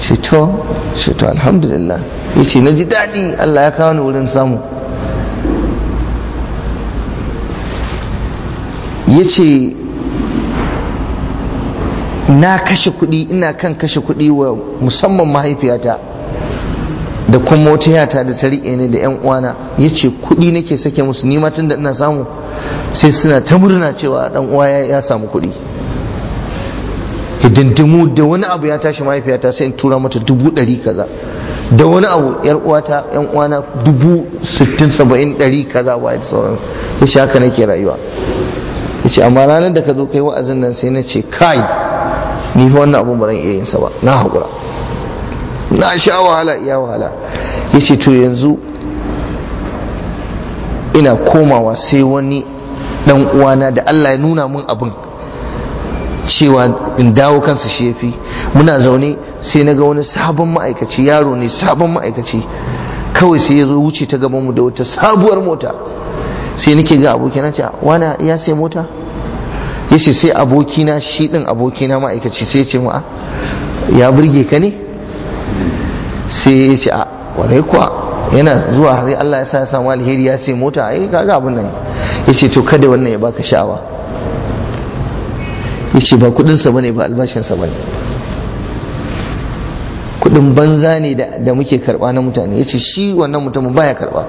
ce to ce to alhamdulillah ya ce na ji daɗi Allah ya kawo ni wurin samu ya ce na kashe kuɗi ina kan kashe kuɗi wa musamman mahaifiyata da kuma wata yata da ta riƙe ni da yan uwana ya ce kuɗi nake sake musu nima tun da ina samu sai suna ta murna cewa ɗan uwa ya samu kuɗi hidindimu da wani abu ya tashi mahaifiyata sai in tura mata dubu ɗari kaza da wani abu yar uwata yan uwana dubu sittin saba'in ɗari kaza ba da sauransu ya ce haka nake rayuwa ya ce amma ranar da ka zo kai wa'azin nan sai na ce kai ni fa wannan abun ba zan iya sa ba na haƙura na sha wahala iya wahala ya to yanzu ina komawa sai wani dan uwana da Allah ya nuna mun abin cewa in dawo kansa shi fi. muna zaune sai na ga wani sabon ma'aikaci yaro ne sabon ma'aikaci kawai sai ya zo wuce ta gaban mu da wata sabuwar mota sai nake ga abokina ce wani ya sai mota ya ce sai abokina shi din abokina ma'aikaci sai ya ce mu ya burge ka ne sai ya ce a kwarai kuwa yana zuwa har Allah ya sa ya samu alheri ya sai mota ai kaga abin nan ya ce to kada wannan ya baka sha'awa yace ba sa bane ba albashinsa bane kudin banza ne da muke karba na mutane yace shi wannan mutumin baya karba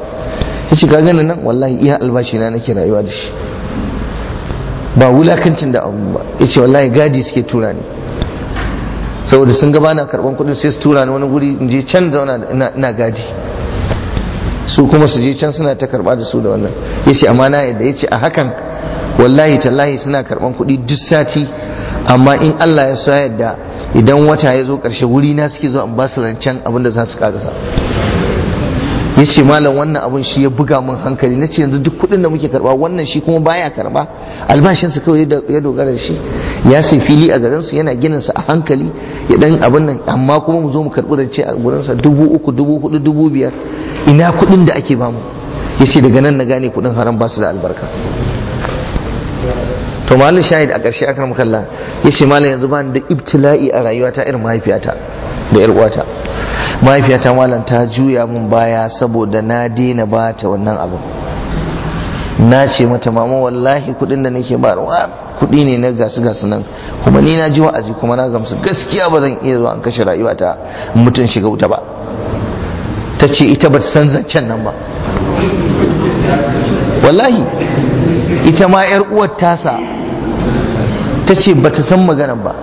yace ka gani nan wallahi iya albashina nake rayuwa da shi ba wulakancin da abu ba yace wallahi gadi suke tura ni saboda sun gaba na karban kudin sai su tura ni wani guri in je can zauna ina gadi su kuma su je can suna ta karba da su da wannan yace amana yadda yace a hakan wallahi tallahi suna karban kuɗi duk sati amma in Allah ya sa yadda idan wata ya zo ƙarshe wuri na suke zo an ba su rancen abin da za su karasa ya ce malam wannan abin shi ya buga mun hankali na ce yanzu duk kuɗin da muke karba wannan shi kuma baya karba albashinsa kawai ya dogara da shi ya sai fili a garinsu yana ginin sa a hankali ya dan abin nan amma kuma mu zo mu karɓi rance a gurinsa dubu uku dubu hudu dubu biyar ina kuɗin da ake bamu ya ce daga nan na gane kuɗin haram ba su da albarka to malin shahid a ƙarshe akar makalla ya ce malin yanzu bani da ibtila'i a rayuwata irin mahaifiyata da yar mahaifiyata malam ta juya mun baya saboda na daina ba ta wannan abu na ce mata mama wallahi kuɗin da nake ba ruwa kudi ne na gasu gasu nan kuma ni na ji wa'azi kuma na gamsu gaskiya ba zan iya zuwa an kashe rayuwata mutum shiga wuta ba ta ce ita ba ta san zancen nan ba wallahi ita ma yar uwar tasa ta ce ba ta san magana ba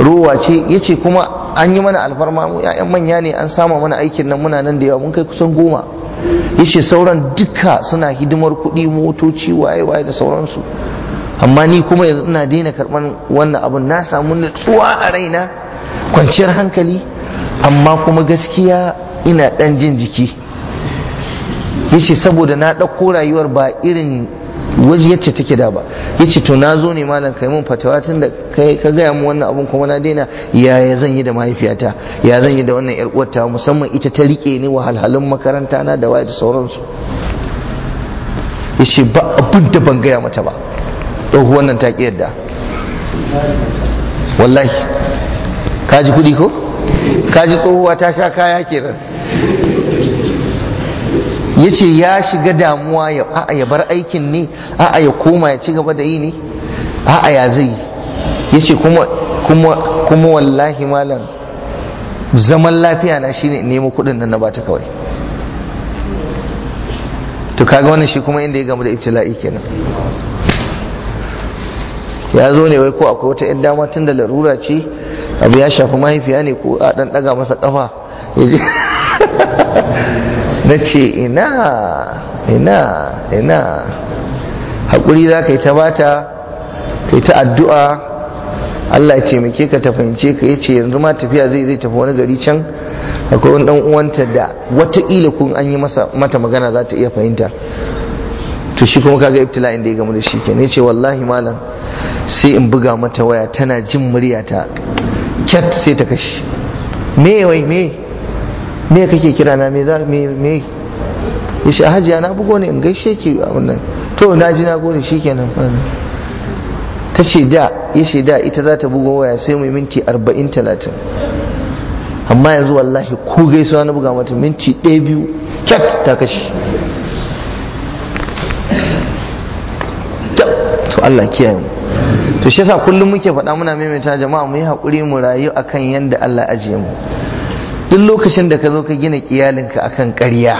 ruwa ce ya kuma an yi mana alfarma mu ya'yan manya ne an sama mana aikin nan muna nan da yawa mun kai kusan goma ya sauran duka suna hidimar kuɗi motoci waye waye da sauransu amma ni kuma yanzu ina daina karɓar wannan abin na samu natsuwa a raina kwanciyar hankali amma kuma gaskiya ina ɗan jin jiki yace saboda na ɗauko rayuwar ba irin waje yace take da ba yace to na zo ne malam kai mun fatawa tun da kai ka gaya mu wannan abun kuma na daina ya zan yi da mahaifiyata ya zan yi da wannan yar uwarta musamman ita ta rike ni wahalhalun makaranta na da waye da sauransu yace ba abin da ban gaya mata ba tsohuwan wannan ta yadda wallahi kaji kudi ko kaji tsohuwa ta sha kaya kenan ya ce ya shiga damuwa ya a ya bar aikin ne a ya koma ya ci gaba da yi ne a ya zai ya ce kuma wallahi malam zaman lafiya na shine nemo kudin nan na bata kawai to kaga wannan shi kuma inda ya gamu da ibtila'i kenan ya zo ne wai ko akwai wata 'yan dama tun da larura ce abu ya shafi mahaifiya ne ko a dan daga masa kafa ya na ce ina ina ina haƙuri za ka yi ta bata ka yi ta addu'a Allah ce muke ka ta fahimce ka yi ce yanzu ma tafiya zai zai tafi wani gari can akwai wani dan uwanta da watakila kun an yi mata magana za ta iya fahimta to shi kuma kaga ibtila da ya gamu da shi ke ce wallahi malam sai in buga mata waya tana jin muryata kyat sai ta kashi me wai me me kake kira na me za me me ya ce hajiya na bugo ne in gaishe ki a wannan to na ji na gode shikenan ta ce da ya da ita za ta bugo waya sai mai minti arba'in talatin amma yanzu wallahi ko gaisuwa na buga mata minti ɗaya biyu kyat ta kashe to Allah kiyaye mu to shi yasa kullum muke faɗa muna maimaita jama'a mu yi haƙuri mu rayu akan yanda Allah ajiye mu duk lokacin da ka zo ka gina iyalinka akan ƙarya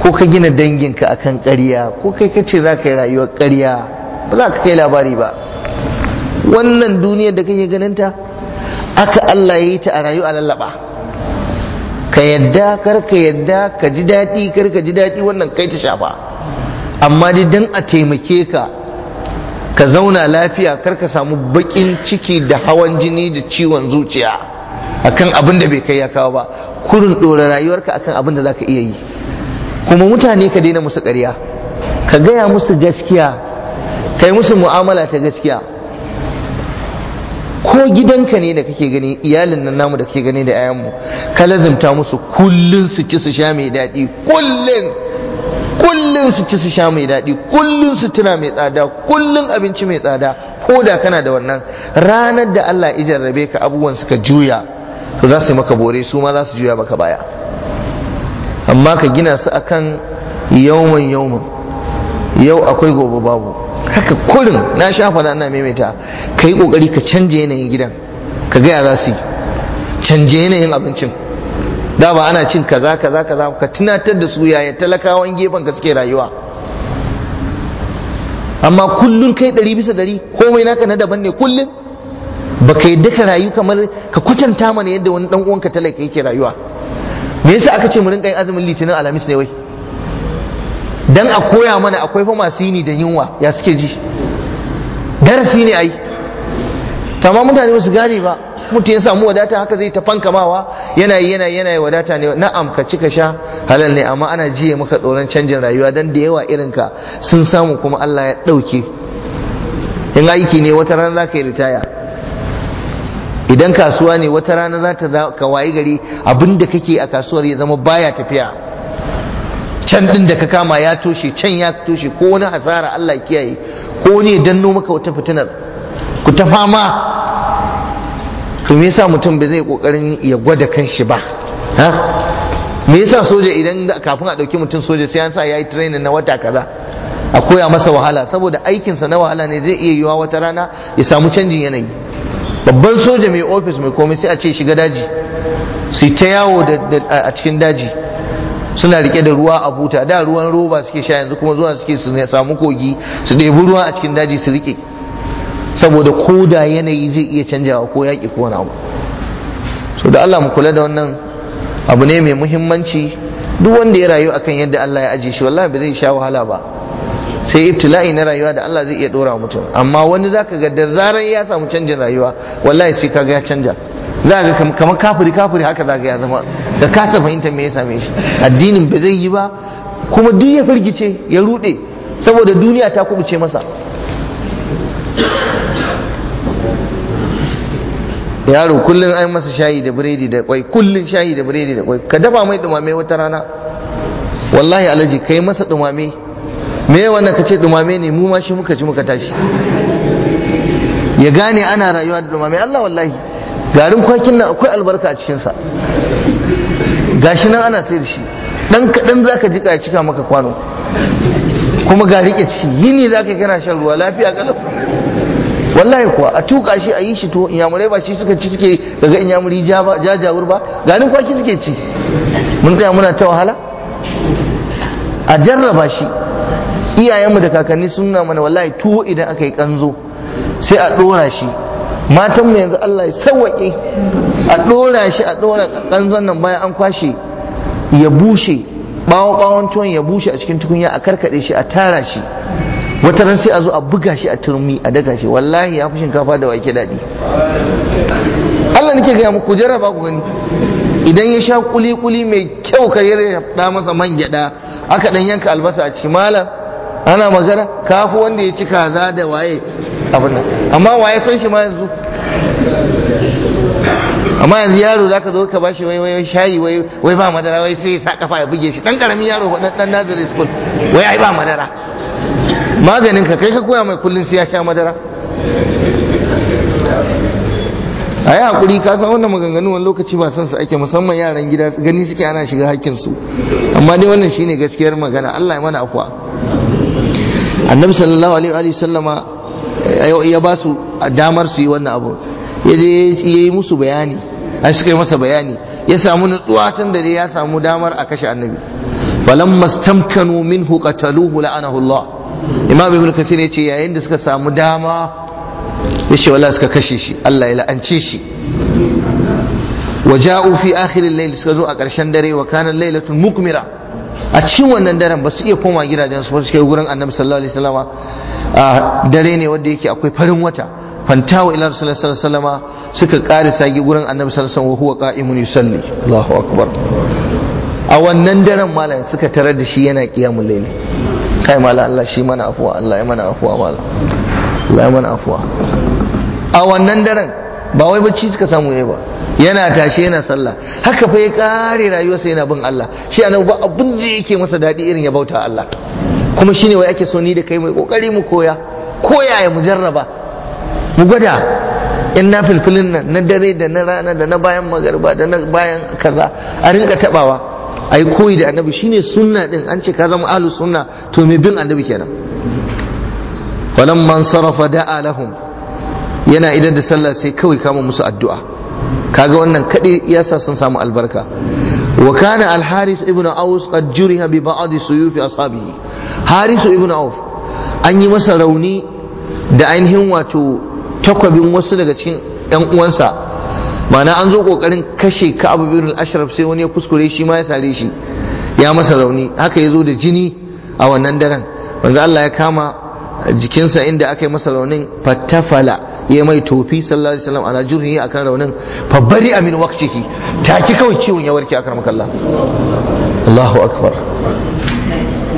ko ka gina danginka akan ƙarya ko kai ka ce za ka yi rayuwar ƙarya ba za ka kai labari ba wannan duniyar da kake ganinta aka Allah ya yi ta a rayu a lallaba ka yadda kar ka yadda ka ji daɗi kar ka ji daɗi wannan kai ta shafa amma dai don a taimake ka ka zauna lafiya kar ka samu baƙin ciki da hawan jini da ciwon zuciya akan abin da bai kai ya kawo ba kurin dora rayuwarka akan abin da za ka iya yi kuma mutane ka daina musu ƙarya ka gaya musu gaskiya kai musu mu'amala ta gaskiya ko gidanka ne da kake gani iyalin nan namu da kake gani da 'ya'yanmu ka lazimta musu kullum su ci su sha mai daɗi kullum kullum su ci su sha mai daɗi kullum su tuna mai tsada kullun abinci mai tsada ko da kana da wannan ranar da Allah ija rabe ka abubuwan suka juya to za su yi maka bore su ma za su juya maka baya amma ka gina su akan yawman yawman yau akwai gobe babu haka kurin na sha da ana maimaita ka yi ƙoƙari ka canje yanayin gidan ka gaya za su yi canje yanayin abincin da ba ana cin kaza kaza kaza ka tunatar da su yayin talakawan gefen ka suke rayuwa amma kullun kai ɗari bisa ɗari komai naka na daban ne kullun. baka yadda ka rayu kamar ka kwatanta mana yadda wani dan uwanka talaka yake rayuwa me yasa aka ce mu rinka yin azumin litinin alhamis ne wai dan a koya mana akwai fa masu yini da yunwa ya suke ji darasi ne ai tamma mutane su gane ba mutum ya samu wadata haka zai ta fankamawa yana yi yana yana wadata ne na'am ka cika sha halal ne amma ana jiye maka tsoron canjin rayuwa dan da yawa irin ka sun samu kuma Allah ya dauke in aiki ne wata rana zaka yi ritaya idan kasuwa ne wata rana za ta ka gari abin da kake a kasuwar ya zama baya tafiya can din da ka kama ya toshe can ya toshe ko wani hasara Allah kiyaye ko ne danno maka wata fitinar ku ta fama to me yasa mutum ba zai kokarin ya gwada kanshi ba ha me yasa soja idan kafin a dauki mutum soja sai an sa yayi training na wata kaza a koya masa wahala saboda aikinsa na wahala ne zai iya yiwa wata rana ya samu canjin yanayi babban soja mai ofis mai komai sai a ce shiga daji su ta yawo a cikin daji suna rike da ruwa a buta da ruwan roba suke sha yanzu kuma zuwa suke su samu kogi su ɗebi ruwa a cikin daji su rike saboda ko da yanayi zai iya canjawa ko yaƙi ko wani abu so da Allah mu kula da wannan abu ne mai muhimmanci duk wanda ya rayu akan yadda Allah ya ajiye shi wallahi ba zai sha wahala ba sai ibtila'i na rayuwa da Allah zai iya dora mutum amma wani zaka ga da zarar ya samu canjin rayuwa wallahi sai kaga ya canja za ga kamar kafiri kafiri haka za ga ya zama da kasa fahimta me ya same shi addinin ba zai yi ba kuma duk ya firgice ya rude saboda duniya ta kubuce masa yaro kullum ai masa shayi da biredi da kwai kullum shayi da biredi da kwai ka dafa mai dumame wata rana wallahi alaji kai masa dumame me wannan kace dumame ne mu ma shi muka ci muka tashi ya gane ana rayuwa da dumame Allah wallahi garin kwakin nan akwai albarka a cikinsa gashi nan ana sayar shi dan kaɗan za ka jika ya cika maka kwano kuma ga riƙe ciki yini za ka kana shan ruwa lafiya kalaf wallahi kuwa a tuka shi a yi shi to inyamurai ba shi suka ci suke daga inyamuri jajawur ba garin kwaki suke ci mun tsaya muna ta wahala a jarraba shi iyayenmu da kakanni sun nuna mana wallahi tuwo idan aka yi kanzo sai a dora shi matan yanzu Allah ya sawwake a dora shi a dora kanzon nan bayan an kwashe ya bushe bawon bawon tuwon ya bushe a cikin tukunya a karkade shi a tara shi wata ran sai a zo a buga shi a turmi a daga shi wallahi ya fi shinkafa da wake daɗi Allah nake gaya muku jarraba ku gani idan ya sha kuli-kuli mai kyau ka yi da masa man gyada aka dan yanka albasa a cikin malam ana magana kafu wanda ya ci kaza da waye abin nan amma waye san shi ma yanzu amma yanzu yaro zaka zo ka bashi wai wai shayi wai wai ba madara wai sai ya sa kafa ya buge shi dan karamin yaro dan dan nazari school wai ai ba madara maganin ka kai ka koya mai kullun sai ya sha madara a yi haƙuri ka san wannan maganganu wani lokaci ba son su ake musamman yaran gida gani suke ana shiga hakkin su amma dai wannan shine gaskiyar magana Allah ya mana akwa annabi sallallahu alaihi wa sallama eh, ya ba su damar su yi wannan abu ya je ya yi musu bayani a suka yi masa bayani ya samu nutsuwa tun da ya samu damar a kashe annabi falamma stamkanu minhu qataluhu la'anahu Allah imam ibn kasir ya ce yayin da suka samu dama ya ce wallahi suka kashe shi Allah ya la'ance shi wa ja'u fi akhir al-layl suka zo a ƙarshen dare wa kana laylatun mukmira a cikin wannan daren ba su iya koma gidajensu ba su kai gurin annabi sallallahu alaihi wasallama dare ne wanda yake akwai farin wata fantawa ila rasulullahi sallallahu alaihi wasallama suka ƙara sagi gurin annabi sallallahu alaihi wasallam huwa qa'imun yusalli Allahu akbar a wannan daren malam suka tarar da shi yana qiyamul layl kai malam Allah shi mana afuwa Allah ya mana afuwa malam Allah ya mana afuwa a wannan daren ba wai bacci suka samu ne ba yana tashe yana sallah haka fa ya kare rayuwarsa yana bin Allah shi annabi ba abun da yake masa daɗi irin ya bauta Allah kuma shine wai ake so ni da kai mai kokari mu koya koya ya mujarraba mu gwada in na filfilin nan na dare da na rana da na bayan magarba da na bayan kaza a rinka tabawa a yi koyi da annabi shine sunna din an ce ka zama alu sunna to me bin annabi kenan man sarafa da'a lahum yana idan da sallah sai kawai kama musu addu'a kaga wannan ya yasa sun samu albarka wa kana al-haris ibnu aus qad juriha bi ba'd suyufi ashabihi harisu ibnu auf an yi masa rauni da ainihin wato takwabin wasu daga cikin yan uwansa ma'ana an zo kokarin kashe ka'ab bin al-ashraf sai wani ya kuskure shi ma ya sare shi ya masa rauni haka ya zo da jini a wannan daren manzo Allah ya kama jikinsa inda aka yi masa raunin fatafala ya mai tofi sallallahu alaihi wasallam ala jurhi akan raunin fa bari amin waqtihi ki kawai ciwon ya warke akan makalla Allahu akbar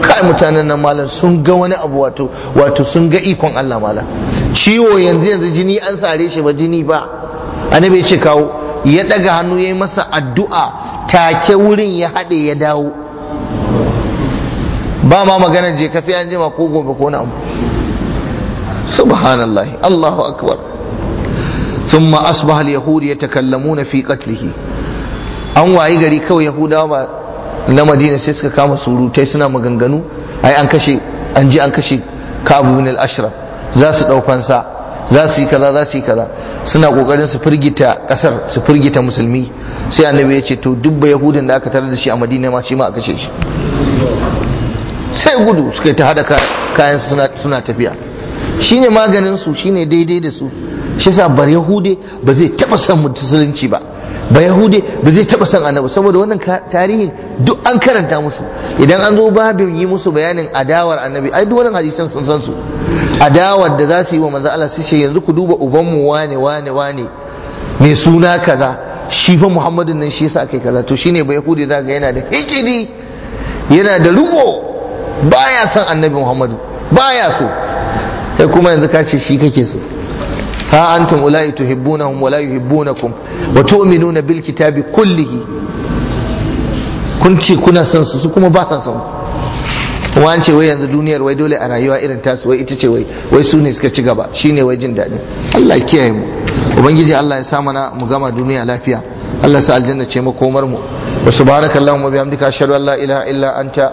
kai mutanen nan malam sun ga wani abu wato wato sun ga ikon Allah malam ciwo yanzu yanzu jini an sare shi ba jini ba annabi ya ce kawo ya daga hannu ya yi masa addu'a take wurin ya haɗe ya dawo ba ma magana je kafi an jima ko gobe ko na abu subhanallah Allahu akbar ثم أصبح ta يتكلمون في قتله an wayi gari kawai yahudawa na madina sai suka kama surutai suna maganganu ai an kashe an ji an kashe kabu bin al-ashraf za su dau za su yi kaza za su yi kaza suna kokarin su firgita kasar su firgita musulmi sai annabi ya ce to ba yahudin da aka tarar da shi a madina ma shi ma a kashe shi sai gudu suka ta hada kayan suna tafiya Shi ne maganin su ne daidai da su shi sa bar yahude ba zai taba san musulunci ba ba yahude ba zai taba san annabi saboda wannan tarihin duk an karanta musu idan an zo babin yi musu bayanin adawar annabi ai duk wannan hadisan sun san su adawar da za su yi wa manzo Allah su ce yanzu ku duba ubanmu wane wane wane mai suna kaza shi fa muhammadin nan shi yasa kai kaza to shine ba yahude zaka yana da hikidi yana da ruko baya san annabi Muhammadu baya so kai kuma yanzu ka ce shi kake so ha antum ulai tuhibbunahum wa la yuhibbunakum wa tu'minuna bil kitabi kullihi kun ce kuna son su su kuma ba sa son kuma an ce wai yanzu duniyar wai dole a rayuwa irin tasu wai ita ce wai wai su ne suka ci gaba shine wai jin daɗi Allah ya kiyaye mu ubangiji Allah ya sa mana mu gama duniya lafiya Allah sa aljanna ce makomar mu wa subhanakallahumma bihamdika ashhadu an la ilaha illa anta